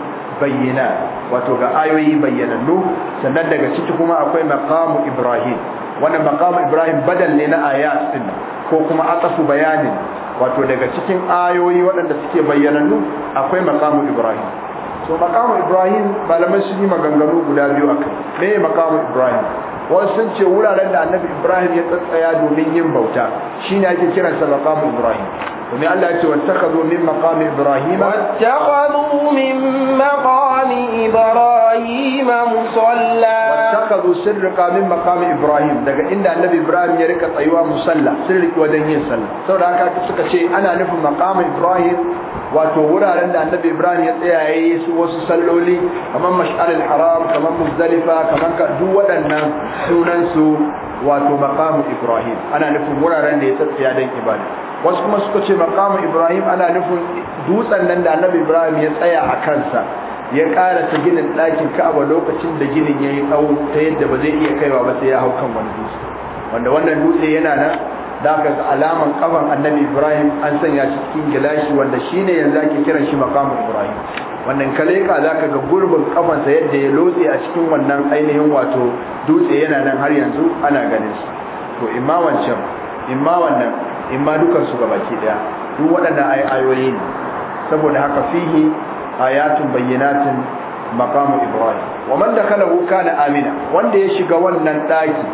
bayyana wato ga ayoyi bayyanannu sannan daga ciki kuma akwai maqamu ibrahim wannan maqamu ibrahim badal ne na ayat din ko kuma atafu bayanin wato daga cikin ayoyi waɗanda suke bayyanannu akwai maqamu ibrahim to makamu ibrahim malamai sun yi maganganu guda biyu a kai me ya makamu ibrahim wasu sun ce wuraren da annabi ibrahim ya tsattsaya domin yin bauta shi ne ake kiran sa makamu ibrahim domin allah ya ce wata ka min makamu ibrahim wata min makamu ibrahim musalla min ibrahim daga inda annabi ibrahim ya rika tsayuwa musalla Sirri rika wajen yin sallah saboda haka suka ce ana nufin makamu ibrahim wato wuraren da annabi ibrahim ya tsaya ya yi su wasu salloli kamar mash'alil haram kamar muzdalifa kamar ka duk waɗannan sunan su wato maqamu ibrahim ana nufin wuraren da ya tsaya don ibada wasu kuma suka ce maqamu ibrahim ana nufin dutsen nan da annabi ibrahim ya tsaya a kansa ya ƙara ta ginin ɗakin ka'aba lokacin da ginin ya yi tsawo ta yadda ba zai iya kaiwa ba sai ya hau kan wani dutse wanda wannan dutse yana nan da ga alaman kafan annabi ibrahim an sanya shi cikin gilashi wanda shine yanzu ake kiran shi makamu ibrahim wannan kaleka za ka ga gurbin kafansa yadda ya lotse a cikin wannan ainihin wato dutse yana nan har yanzu ana ganin su to imma wancan imma wannan imma dukan su gabaki daya duk waɗannan ayoyi ne saboda haka fihi ayatun bayyinatin makamu ibrahim wa man dakalahu kana amina wanda ya shiga wannan daki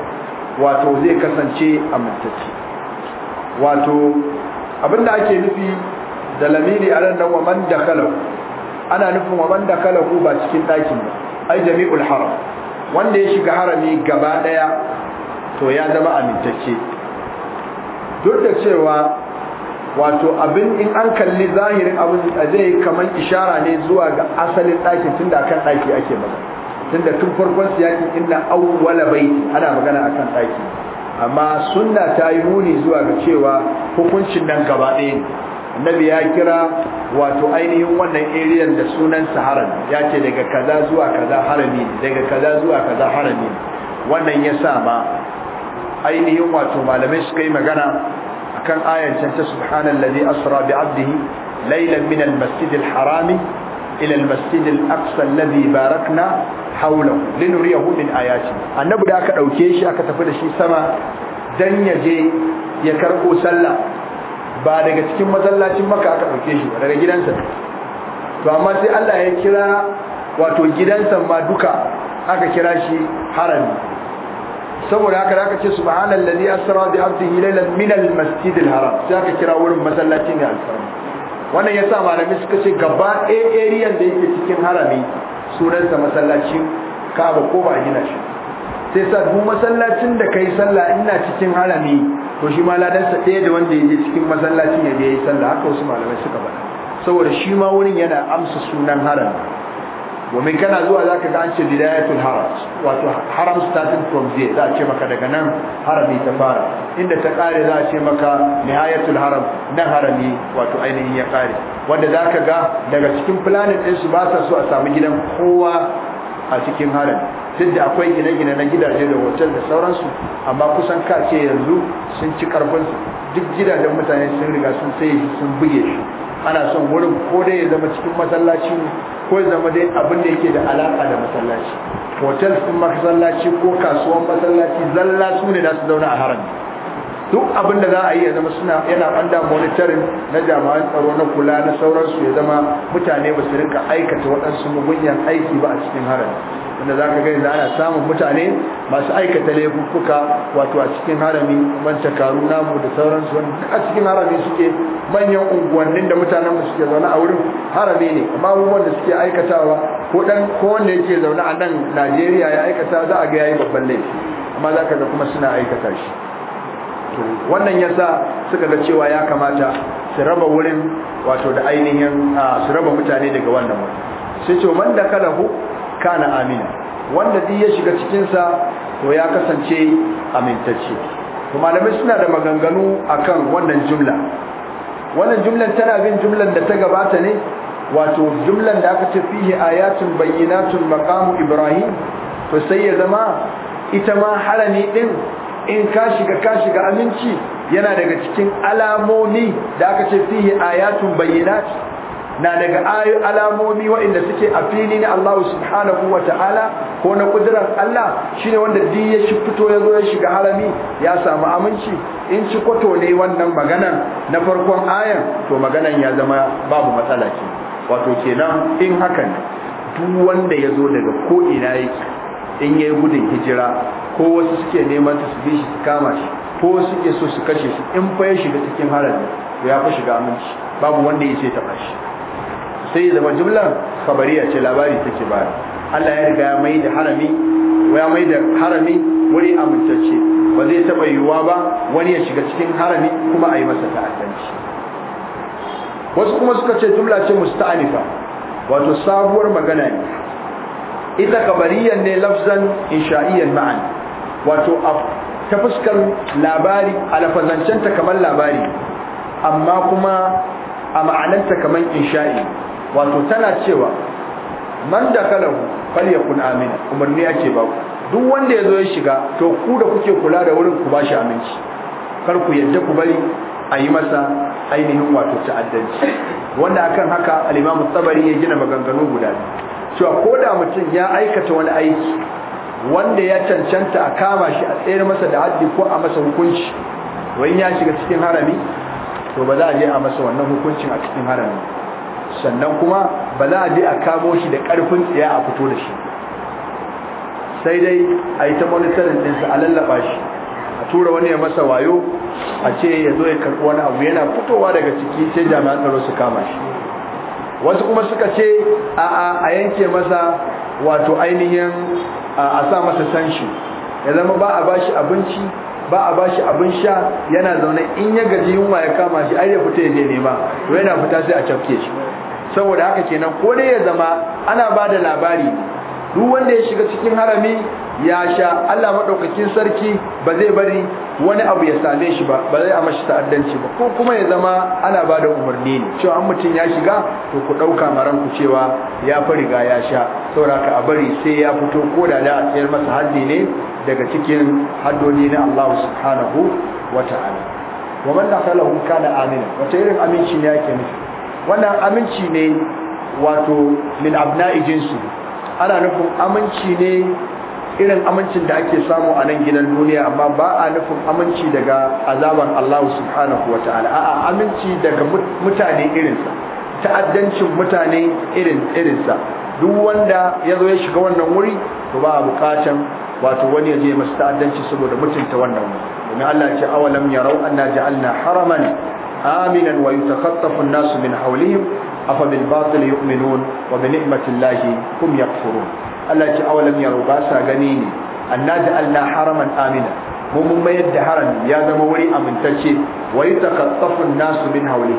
wato zai kasance amintacce wato abinda ake nufi da lamini a nan wa man da kalahu ana nufin wa man da ku ba cikin ɗakin ba ai jami'ul haram wanda ya shiga harami gaba ɗaya to ya zama amintacce duk da cewa wato abin in an kalli zahirin abin zai kamar ishara ne zuwa ga asalin ɗakin tunda akan ɗaki ake magana tunda tun farkon siyakin inna awwala baiti ana magana akan ɗaki amma sunna ta yi nuni zuwa ga cewa hukuncin nan gaba annabi ya kira wato ainihin wannan eriyan da sunan saharan ya ce daga kaza zuwa kaza harami daga kaza zuwa kaza harami wannan ya sa ma ainihin wato malamai suka yi magana akan ayancin ta subhanallazi asra bi abdihi laylan min al-masjidil harami ila al-masjid al-aqsa alladhi barakna hawlahu linuriyahu min ayati annabi da aka ɗauke shi aka tafi da shi sama dan ya je ya karko sallah ba daga cikin masallacin maka aka dauke shi ba daga gidansa to amma sai Allah ya kira wato gidansa ma duka aka kira shi harami saboda haka zaka ce subhanallazi asra bi abdihi laylan min almasjid haram. sai aka kira wurin masallacin ne alfarma wannan ya sa malami suka ce gaba ɗaya ariyan da yake cikin harami sunansa masallacin kaba ko ba gina shi sai sa duk masallacin da kai sallah ina cikin harami to shi ma ladansa ɗaya da wanda yake cikin masallacin ya je yi sallah haka wasu malamai suka ba saboda shi ma wurin yana amsa sunan harami domin kana zuwa za ka ga an ce bidayatul haram wato haram starting from there za a ce maka daga nan harami ta fara inda ta kare za a ce maka nihayatul haram nan harami wato ainihin ya kare wanda za ka ga daga cikin planet ɗinsu ba sa so a samu gidan kowa a cikin harami duk da akwai gine-gine na gidaje da hotel da sauransu amma kusan ka ce yanzu sun ci karfinsu duk gidajen mutane sun riga sun sai sun buge shi ana son wurin ko dai ya zama cikin masallaci ko ya zama dai abin da yake da alaka da masallaci hotel sun masallaci ko kasuwan masallaci zalla su ne da su zauna a harin. duk abin da za a yi ya zama suna yana banda monitoring na jami'an tsaro na kula na sauransu ya zama mutane ba su rinka aikata waɗansu mugunyan aiki ba a cikin harin wanda za ka gani da ana samun mutane masu aikata laifuka wato a cikin harami manta karu namu da sauransu wani a cikin harami suke manyan unguwannin da mutanen mu suke zaune a wurin harami ne amma abubuwan da suke aikatawa ko dan ko wanda yake zaune a nan Najeriya ya aikata za a ga yayi babban laifi amma za ka ga kuma suna aikata shi wato wannan yasa suka ga cewa ya kamata su raba wurin wato da ainihin su raba mutane daga wannan wurin sai ce man dakalahu kana amina wanda duk ya shiga cikin sa to ya kasance amintacce to malamai suna da maganganu akan wannan jumla wannan jumlan tana bin jumlan da ta gabata ne wato jumlan da aka ce fihi ayatun bayyinatun maqamu ibrahim to sai ya zama ita ma harami din in ka shiga ka shiga aminci yana daga cikin alamomi da aka ce fihi ayatun bayyinat na daga ayu alamomi waɗanda suke a fili na Allah subhanahu wa ta'ala ko na kudirar Allah shine wanda duk ya fito ya zo ya shiga harami ya samu aminci in ci kwato ne wannan maganan na farkon ayan to maganan ya zama babu matsala ce wato kenan in hakan duk wanda ya zo daga ko ina yake in yayi gudun hijira ko wasu suke neman ta su bi shi su kama shi ko wasu suke so su kashe shi in fa ya shiga cikin harami to ya fa shiga aminci babu wanda ya ce taɓa shi sai ya zama jumla kabariya ce labari take ba Allah ya riga ya mai da harami ya mai da harami wuri amintacce ba zai taɓa yiwuwa ba wani ya shiga cikin harami kuma a yi masa ta'addanci wasu kuma suka ce jumla ce musta'anifa wato sabuwar magana ne ita kabariyan ne lafzan insha'iyan ma'an wato ta fuskar labari a lafazancenta kamar labari amma kuma a ma'ananta kamar insha'i wato tana cewa man da kalahu kun amina umarni ake ba duk wanda ya zo ya shiga to ku da kuke kula da wurin ku ba shi aminci kar ku yadda ku bari a yi masa ainihin wato ta'addanci wanda akan haka al-Imam Tabari ya gina maganganu guda cewa ko da mutum ya aikata wani aiki wanda ya cancanta a kama shi a tsayar masa da haddi ko a masa hukunci wani ya shiga cikin harami to ba za a je a masa wannan hukuncin a cikin harami sannan kuma ba za a je a kamo shi da karfin tsiya a fito da shi sai dai a yi ta monitorin ɗinsa a lallaba shi a tura wani ya masa wayo a ce ya zo ya karɓi wani abu yana fitowa daga ciki sai jami'an tsaro su kama shi wasu kuma suka ce a a yanke masa wato ainihin a sa masa sanshi ya zama ba a bashi abinci ba a bashi abin sha yana zaune in ya gaji yunwa ya kama shi ai ya fita ya je nema to yana fita sai a cafke shi saboda haka kenan ko dai ya zama ana ba da labari duk wanda ya shiga cikin harami ya sha Allah maɗaukakin sarki ba zai bari wani abu ya same shi ba ba zai a mashi ta'addanci ba ko kuma ya zama ana ba da umarni ne cewa an mutum ya shiga to ku ɗauka maran ku cewa ya fa riga ya sha sauraka a bari sai ya fito ko da da masa haddi ne daga cikin haddoni na Allah subhanahu wa ta'ala wa man dakhalahu kana amina wata irin aminci ne yake nufi wannan aminci ne wato min abna'i jinsu ana nufin aminci ne irin amincin da ake samu a nan gidan duniya amma ba a nufin aminci daga azabar Allah subhanahu wa ta'ala a'a aminci daga mutane irinsa ta'addancin mutane irin irinsa duk wanda ya zo ya shiga wannan wuri to ba a bukatan wato wani ya je masa ta'addanci saboda mutunta wannan wuri domin Allah ya ce awalam yarau anna ja'alna haraman aminan wa yutakhattafu an-nasu min hawlihim afa bil batil yu'minun wa bi ni'matillahi hum yakfurun Allah ce awalam yaro ba sa gani ne da alna haraman amina mu mun mayar da haram ya zama wuri amintacce wa yatakaffafun nasu min hawli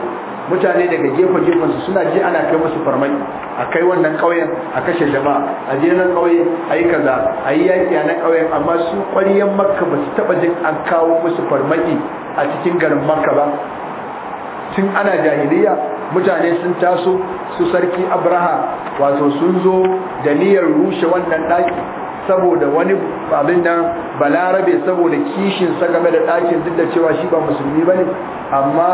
mutane daga gefe gefen su suna ji ana kai musu farmaki a kai wannan kauyen a kashe jama'a a je nan kauye ayi kaza ayi yaki a nan kauyen amma su kwariyan makka ba su taba jin an kawo musu farmaki a cikin garin makka ba tun ana jahiliya mutane sun taso su sarki abraha wato sun zo da niyyar rushe wannan ɗaki saboda wani abin nan balarabe saboda kishinsa game da ɗakin duk da cewa shi ba musulmi ba ne amma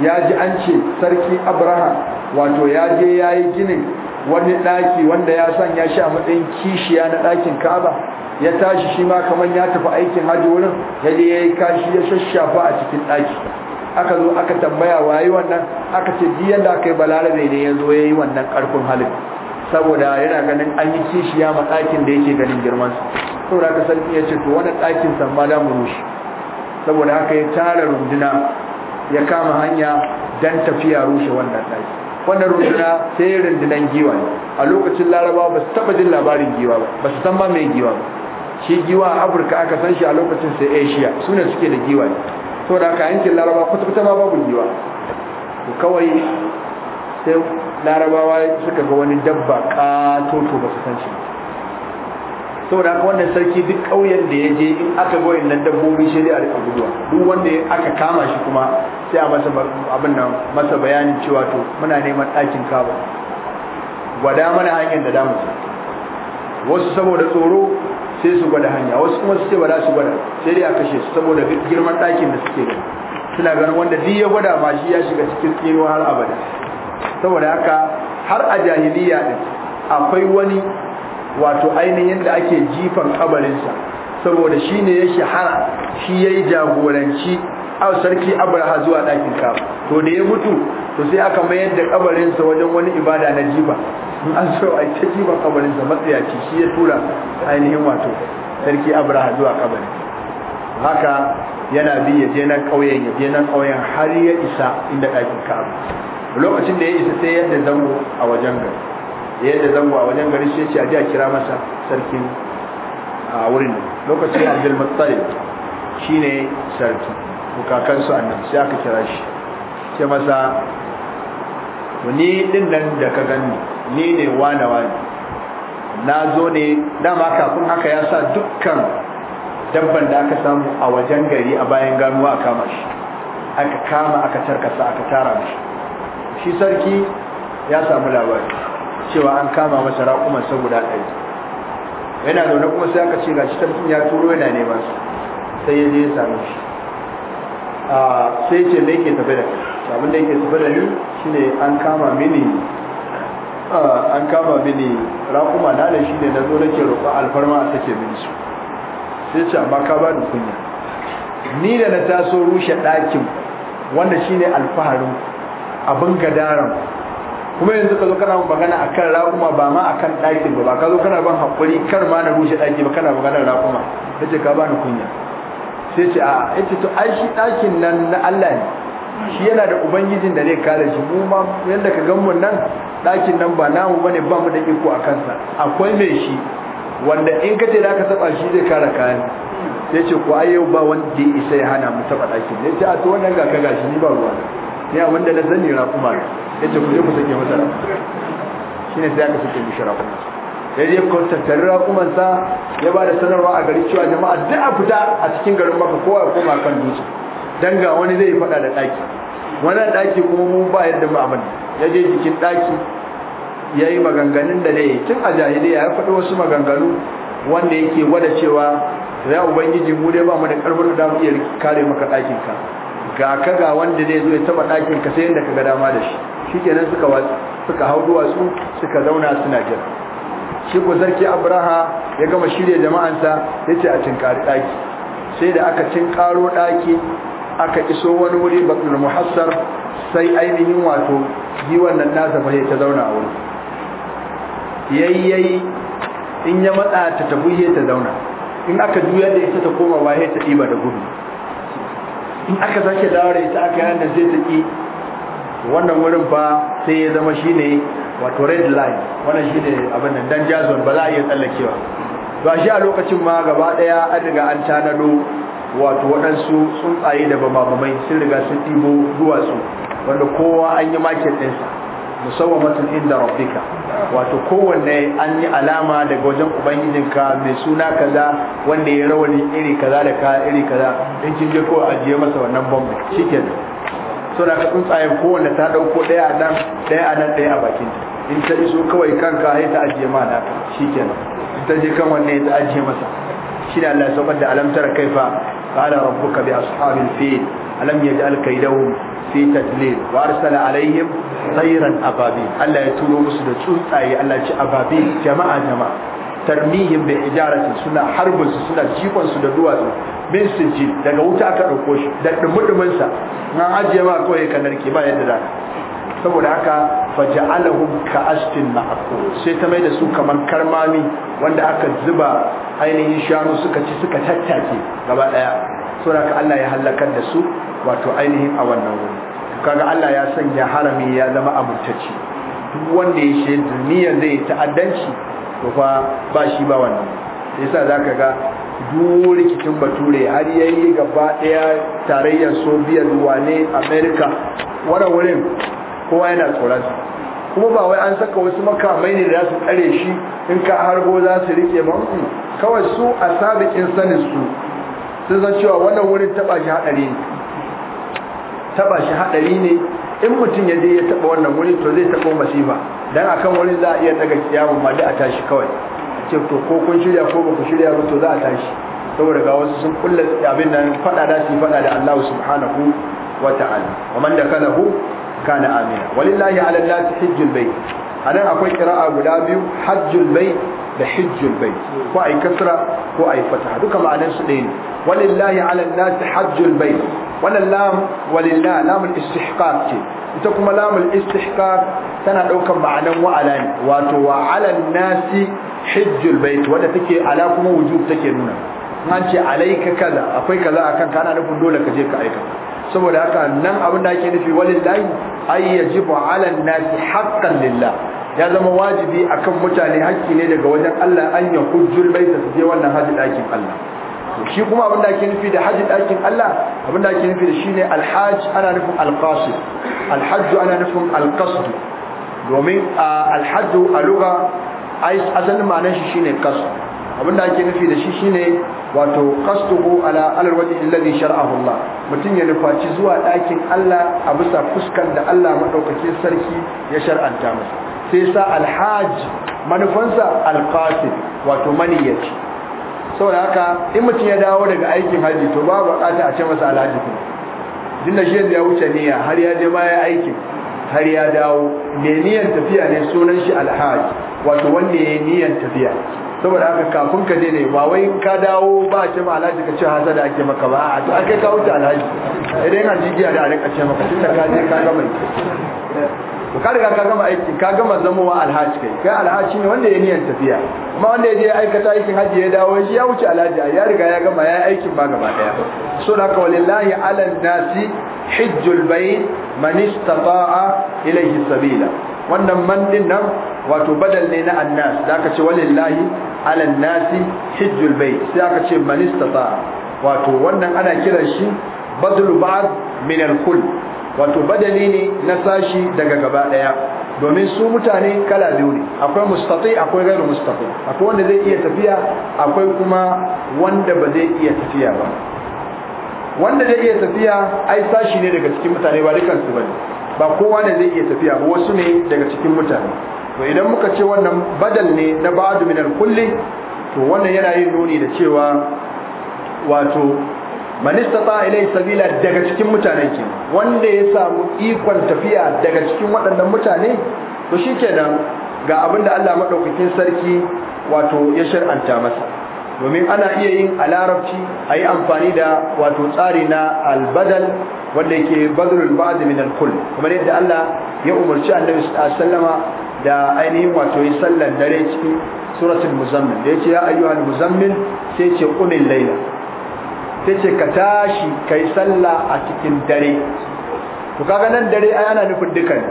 ya ji an ce sarki abraha wato ya je ya yi ginin wani ɗaki wanda ya sanya shi a matsayin kishiya na ɗakin kaba ya tashi shi ma kamar ya tafi aikin hajji wurin ya je ya yi kashi ya shashafa a cikin ɗaki aka zo aka tambaya waye wannan aka ce ji yadda aka yi balarabe ne ya zo ya yi wannan karfin halin saboda yana ganin an yi kishiya ma ɗakin da yake ganin girman su saboda aka sarki ya ce to wani ɗakin san da mu rushe saboda haka ya tara runduna ya kama hanya don tafiya rushe wannan tsaki wannan runduna sai rundunan giwa ne a lokacin larabawa ba su taɓa jin labarin giwa ba ba su san ma mai giwa ba shi giwa a afirka aka san shi a lokacin sai asia Suna suke da giwa ne so da aka yankin laraba kwata-kwata ba babu giwa ko kawai sai larabawa suka ga wani dabba katoto ba su san shi so da aka wannan sarki duk ƙauyen da ya je in aka ga nan dabbobi shi a rika guduwa duk wanda aka kama shi kuma sai a masa abin nan masa bayanin cewa to muna neman ɗakin kaba gwada mana hanyar da damu wasu saboda tsoro sai su gwada hanya wasu kuma su ce ba za su gwada sai dai a kashe su saboda girman ɗakin da suke gani suna ganin wanda duk ya gwada ma shi ya shiga cikin tsino har abada saboda haka har a jahiliya din akwai wani wato ainihin da ake jifan kabarinsa saboda shi ne ya shahara shi ya yi jagoranci a sarki abraha zuwa ɗakin kaba to da ya mutu to sai aka mayar da kabarinsa wajen wani ibada na jifa an so a ce jifan kabarinsa matsayaci shi ya tura ainihin wato sarki abraha zuwa kabarin haka yana bi ya je nan ƙauyen ya je nan ƙauyen har ya isa inda ɗakin ka'aba lokacin da ya isa sai yadda zango a wajen gari yadda zango a wajen gari sai ce a ji a kira masa sarkin a wurin lokacin abdul shi shine sarki bukakansu annan sai aka kira shi ce masa ni din nan da ka gani ni ne wane wane na zo ne dama kafin haka ya sa dukkan dabban da aka samu a wajen gari a bayan ganuwa a kama shi aka kama aka tarkasa aka tara shi shi sarki ya samu labari cewa an kama masa raƙuman saboda ɗari yana zaune kuma sai aka ce ga shi sarkin ya turo yana neman su sai ya je ya samu shi sai ce me yake tafi da abin da yake tafi da ni shine an kama mini an kama mini raƙuma na da shi ne na zo nake roƙon alfarma a sake mini su sai ce amma ka bani kunya ni da na taso rushe ɗakin wanda shine alfaharin abin gadaran kuma yanzu ka zo kana magana akan raƙuma ba ma akan ɗakin ba ka zo kana ban haƙuri kar ma na rushe ɗaki ba kana magana raƙuma ya ce ka bani kunya sai ce a'a ya ce to ai shi ɗakin nan na Allah ne shi yana da ubangijin da zai kare shi mu ma yanda ka gan mu nan ɗakin nan ba namu bane ba mu da iko a kansa akwai mai shi wanda in ka ce za ka taba shi zai kara kayan sai ce ku ai yau ba wanda ya isa ya hana mu taba ɗakin ya ce a to wannan ga kaga shi ni ba ruwa ne a wanda na sani kuma ya ce ku je ku sake masa raƙuma shi ne sai aka sake mishi raƙuma ya je tattari sa ya ba da sanarwa a gari cewa jama'a duk a fita a cikin garin maka kowa ya koma kan dutse dan ga wani zai faɗa da ɗaki wani ɗaki kuma mun ba yadda mu amin ya je jikin ɗaki ya yi maganganun da ne tun a jahiliya ya faɗi wasu maganganu wanda yake wada cewa ya ubangiji mu dai ba mu da ƙarfin da mu iya kare maka ɗakin ka ga ka ga wanda zai zo ya taba ɗakin sai yadda ka ga dama da shi shikenan suka suka hau duwatsu suka zauna suna jira shi ko sarki abraha ya gama shirya jama'ansa ya ce a cinkari ɗaki sai da aka cinkaro ɗaki aka iso wani wuri batul muhassar sai ainihin wato yi wannan nasa fa ta zauna a wuri yayyayi in ya matsa ta tafi ta zauna in aka juya da ita ta koma ba ta ɗiba da gudu in aka sake dawo da ita aka yana sai ta ƙi wannan wurin fa sai ya zama shine wato red line wannan shine abin nan dan jazon ba za a iya tsallakewa ba shi a lokacin ma gaba ɗaya an riga an tanado wato waɗansu tsuntsaye da bamabamai sun riga sun ɗibo duwatsu wanda kowa an yi market ɗinsa musawwamatin inda rabbika wato kowanne an yi alama daga wajen ubangijinka mai suna kaza wanda ya rawani iri kaza da ka iri kaza in kin je ko ajiye masa wannan bombe shikenan so da ka tsuntsaye kowanne ta dauko daya a nan daya a nan daya a bakin ta. in ta iso kawai kanka ya ta ajiye ma naka shikenan ta je kan wanne ya ta ajiye masa Shi da Allah ya saukar da alamtar kaifa qala rabbuka bi ashabil fil alam yaj'al kaydahum fi tadlil wa arsala alaihim tayran ababil Allah ya turo musu da tsuntsaye Allah ci ababil jama'a jama'a tarmihim bi ijarati suna harbin su suna jikon su da duwatsu min sijil daga wuta aka dauko shi da dumudumin sa nan ajiye ma kawai ka narke ba yadda da saboda haka ka ka'astin ma'qul sai ta mai da su kamar karmami wanda aka zuba ainihin shanu suka ci suka tattake gaba daya ka Allah ya halakar da su wato ainihin a wannan wuri kaga Allah ya sanya harami ya zama amintacce duk wanda ya shi duniya zai ta'addanci to fa ba shi ba wannan yasa zaka ga duk rikicin bature har yayi gaba daya tarayyar Soviet wane America wannan wurin kowa yana tsoron kuma ba wai an saka wasu makamai ne da su tsare shi in ka harbo za su rike ba kawai su a sabikin sanin su sun san cewa wannan wurin taba shi hadari ne taba shi hadari ne in mutum ya je ya taba wannan wurin to zai taba masifa dan akan wurin za a iya daga kiyamun ma da a tashi kawai ce to ko kun shirya ko ba ku shirya ba to za a tashi saboda ga wasu sun kulla abin nan fada da su fada da Allah subhanahu wa ta'ala wa man dakalahu kana amina walillahi ala nasi hajjul bayt a nan akwai kira'a guda biyu hajjul bai da hijjul bai ko ai kasra ko ai fataha duka ma'anar su ɗaya ne walillahi ala nas hajjul bai wannan lam walillahi lamul istihqaq ce ita kuma lamul istihqaq tana daukan ma'anar wa'ala ne wato wa ala nasi hijjul bai wanda take ala kuma wujub take nuna an ce alaika kaza akwai kaza akan ka nufin dole ka je ka aika saboda haka nan abin da ake nufi walillahi ay yajibu ala nasi haqqan lillah ya zama wajibi akan mutane hakki ne daga wajen Allah an ya hujjul bai su je wannan haji dakin Allah shi kuma abin da ake nufi da haji dakin Allah abin da ake nufi da shi ne alhaj ana nufin alqasid alhajj ana nufin alqasd domin alhajj a lugha asalin ma'anar shi shine qasd abin da ake nufi da shi shine wato qasduhu ala alwaji wajhi alladhi shar'ahu Allah mutun ya nufaci zuwa dakin Allah a bisa fuskan da Allah madaukake sarki ya shar'anta masa sai sa alhaj manufansa alqasid wato maniyaci saboda haka in mutum ya dawo daga aikin haji to babu bukata a ce masa alhaji dinda shi ya wuce niyya har ya je baya aikin har ya dawo me niyyar tafiya ne sunan shi alhaji wato wanda ya niyyar tafiya saboda haka kafin ka daina ba wai ka dawo ba a ce ma alhaji ka ce hasa da ake maka ba a to an kai ka wuce alhaji idan yana jigiya da a rika ce maka tun da ka je ka gama to ka riga ka gama aiki ka gama zamowa alhaji kai kai alhaji ne wanda ya niyan tafiya amma wanda ya je aikata aikin haji ya dawo shi ya wuce alhaji ya riga ya gama ya aikin ba gaba daya so da ka walillahi ala nasi hijjul bayt man istata'a ilayhi sabila wannan man din nan wato badal ne na annas da aka ce walillahi ala nasi hijjul bayt sai aka ce man istata'a wato wannan ana kiran shi badlu ba'd min al-kull wato badali ne na sashi daga gaba daya domin su mutane kala biyu ne akwai mustati akwai gairu mustati akwai wanda zai iya tafiya akwai kuma wanda ba zai iya tafiya ba wanda zai iya tafiya ai sashi ne daga cikin mutane ba dukan su bane ba kowa ne zai iya tafiya ba wasu ne daga cikin mutane to idan muka ce wannan badal ne na ba'du min al-kulli to wannan yana yin nuni da cewa wato man istata ilai sabila daga cikin mutanen ke wanda ya samu ikon tafiya daga cikin waɗannan mutane to shikenan ga abin da Allah madaukakin sarki wato ya shar'anta masa domin ana iya yin alarabci ayi a yi amfani da wato tsari na albadal wanda yake badrul ba'd min al-kull kamar yadda Allah ya umarci Annabi sallama da ainihin wato yi sallar dare cikin suratul muzammil da yace ya ayyuhal muzammil sai ce qumil layla sai ce ka tashi kai sallah a cikin dare to kaga nan dare ai ana nufin dukan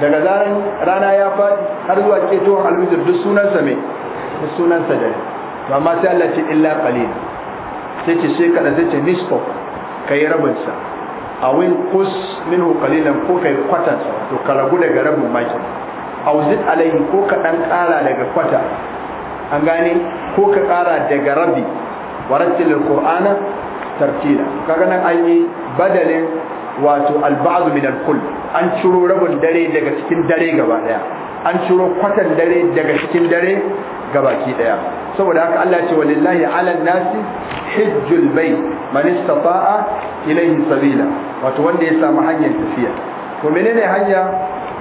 daga zaran rana ya faɗi har zuwa ketowar alwizir duk sunansa mai duk sunansa dare amma sai Allah ce illa qalil sai ce sai kada sai ce Ka kai rabin sa wani kus minhu qalilan ko kai kwatan sa to ka ragu daga rabin maki auzid alaihi ko ka dan kara daga kwata an gane ko ka kara daga rabi warattilil qur'ana tartila kaga nan an yi badalin wato al-ba'd min an ciro rabin dare daga cikin dare gaba daya an ciro kwatan dare daga cikin dare gabaki daya saboda haka Allah ce walillahi ala nasi hijjul bait man istata'a ilayhi sabila wato wanda ya samu hanyar tafiya to menene hanya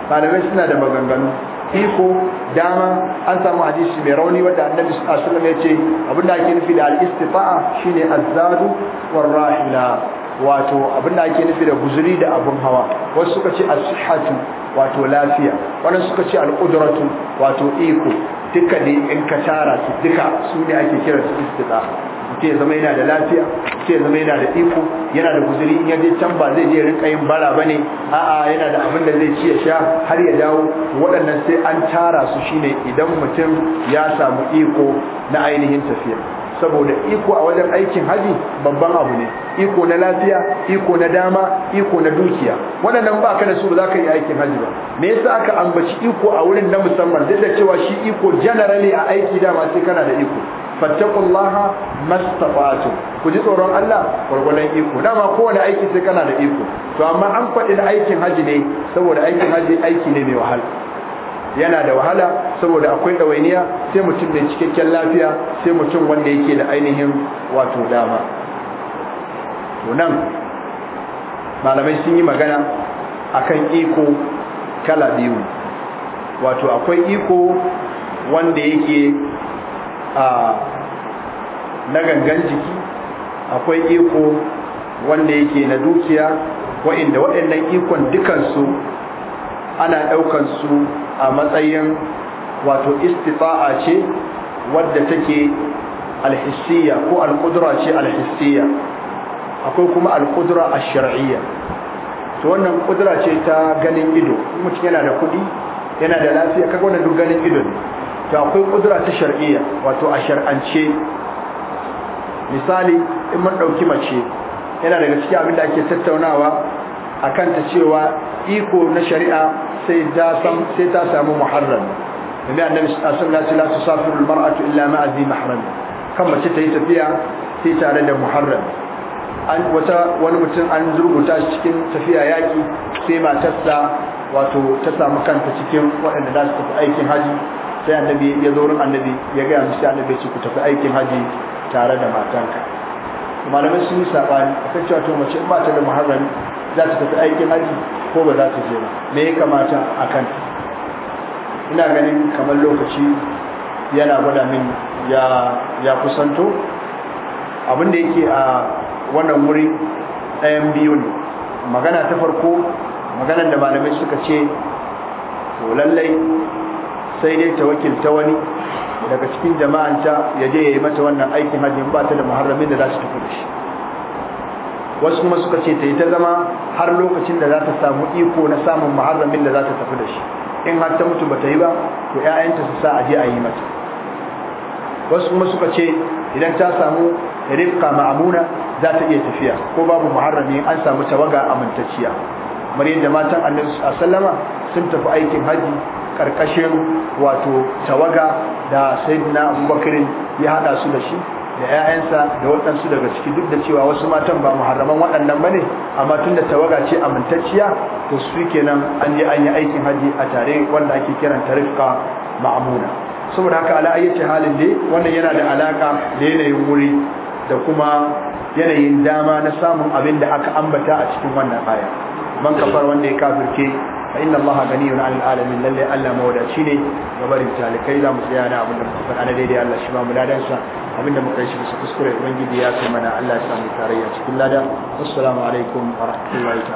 malamai suna da maganganu iko dama an samu hadisi mai rauni wanda annabi sallallahu alaihi wasallam ya ce abinda ake nufi da al-istita'a shine azzadu war rahila wato abinda ake nufi da guzuri da abun hawa wasu suka ce as-sihhatu wato lafiya Wani suka ce al-qudratu wato iko duka ne in ka tara su duka su ne ake kira su istida mutum zama yana da lafiya mutum zama yana da iko yana da guzuri in yaje can ba zai je rinka yin bara ba ne a'a yana da abin da zai ci ya sha har ya dawo waɗannan sai an tara su shine idan mutum ya samu iko na ainihin tafiya saboda iko a wajen aikin haji babban abu ne iko na lafiya iko na dama iko na dukiya waɗannan ba ka da su ba za ka yi aikin haji ba me yasa aka ambaci iko a wurin na musamman duk da cewa shi iko generally a aiki dama sai kana da iko fattakullaha mastafatu ku ji tsoron Allah gurgunan iko dama kowane aiki sai kana da iko to amma an faɗi da aikin haji ne saboda aikin haji aiki ne mai wahala yana da wahala saboda akwai ɗawainiya sai mutum mai cikakken lafiya sai mutum wanda yake da ainihin wato dama nan malamai sun yi magana akan iko kala biyu wato akwai iko wanda yake a na gangan jiki akwai iko wanda yake na dukiya wa'inda waɗannan ikon dukansu ana ɗaukansu a matsayin wato istifa'a ce wadda take alhissiya ko alkudura ce alhissiya akwai kuma alkudura a shar'iyya to wannan kudura ce ta ganin ido mutum yana da kuɗi yana da lafiya kaga wannan duk ganin ido ne to akwai kudura ta shar'iyya wato a shar'ance misali in mun ɗauki mace yana daga cikin abin da ake tattaunawa akan ta cewa iko na shari'a sai ta samu muharram nabi annabi sallallahu alaihi wasallam la tusafiru illa ma'a zi mahram kan mace ta yi tafiya sai tare da muharram an wata wani mutum an rubuta shi cikin tafiya yaki sai matarsa wato ta samu kanta cikin waɗanda za su tafi aikin haji sai annabi ya zo wurin annabi ya ga musu annabi ce ku tafi aikin haji tare da matanka malamai sun yi sabani kan cewa to mace in ba ta da muharram za su tafi aikin haji ko ba za su je ba me ya kamata a kan ina ganin kamar lokaci yana gwada min ya kusanto abinda yake a wannan wuri ɗayan biyu ne magana ta farko maganar da malamai suka ce to lallai sai dai ta wakilta wani daga cikin jama'anta ya je ya yi mata wannan aikin hajji ba ta da muharramin da za su tafi da shi wasu kuma suka ce ta yi ta zama har lokacin da za ta samu iko na samun muharramin da za ta tafi da shi in har ta mutu ta yi ba to 'ya'yanta su sa a je a yi mata wasu kuma suka ce idan ta samu rifqa ma'amuna za ta iya tafiya ko babu muharrami an samu tawaga amintacciya kamar yadda matan annabi sallama sun tafi aikin haji karkashin wato tawaga da sayyidina abubakarin ya hada su da shi da 'ya'yansa da waɗansu daga ciki duk da cewa wasu matan ba muharraman waɗannan ba ne? amma da tawaga ce amintacciya to su kenan an je an yi aikin haji a tare wanda ake kiran tarifka ma'amuna saboda haka ala ayyace halin dai wannan yana da alaka da yanayin wuri da kuma yanayin dama na samun abin da aka ambata a cikin wannan aya man kafar wanda ya fa inna allaha ganiyun 'anil alamin lalle Allah wadaci ne ga barin talikai za mu tsaya na abinda muka faɗa na daidai Allah shi mu ladan sa abinda muka yi shi bisa kuskure ubangiji ya kai mana Allah ya samu tarayya cikin lada assalamu alaikum wa rahmatullahi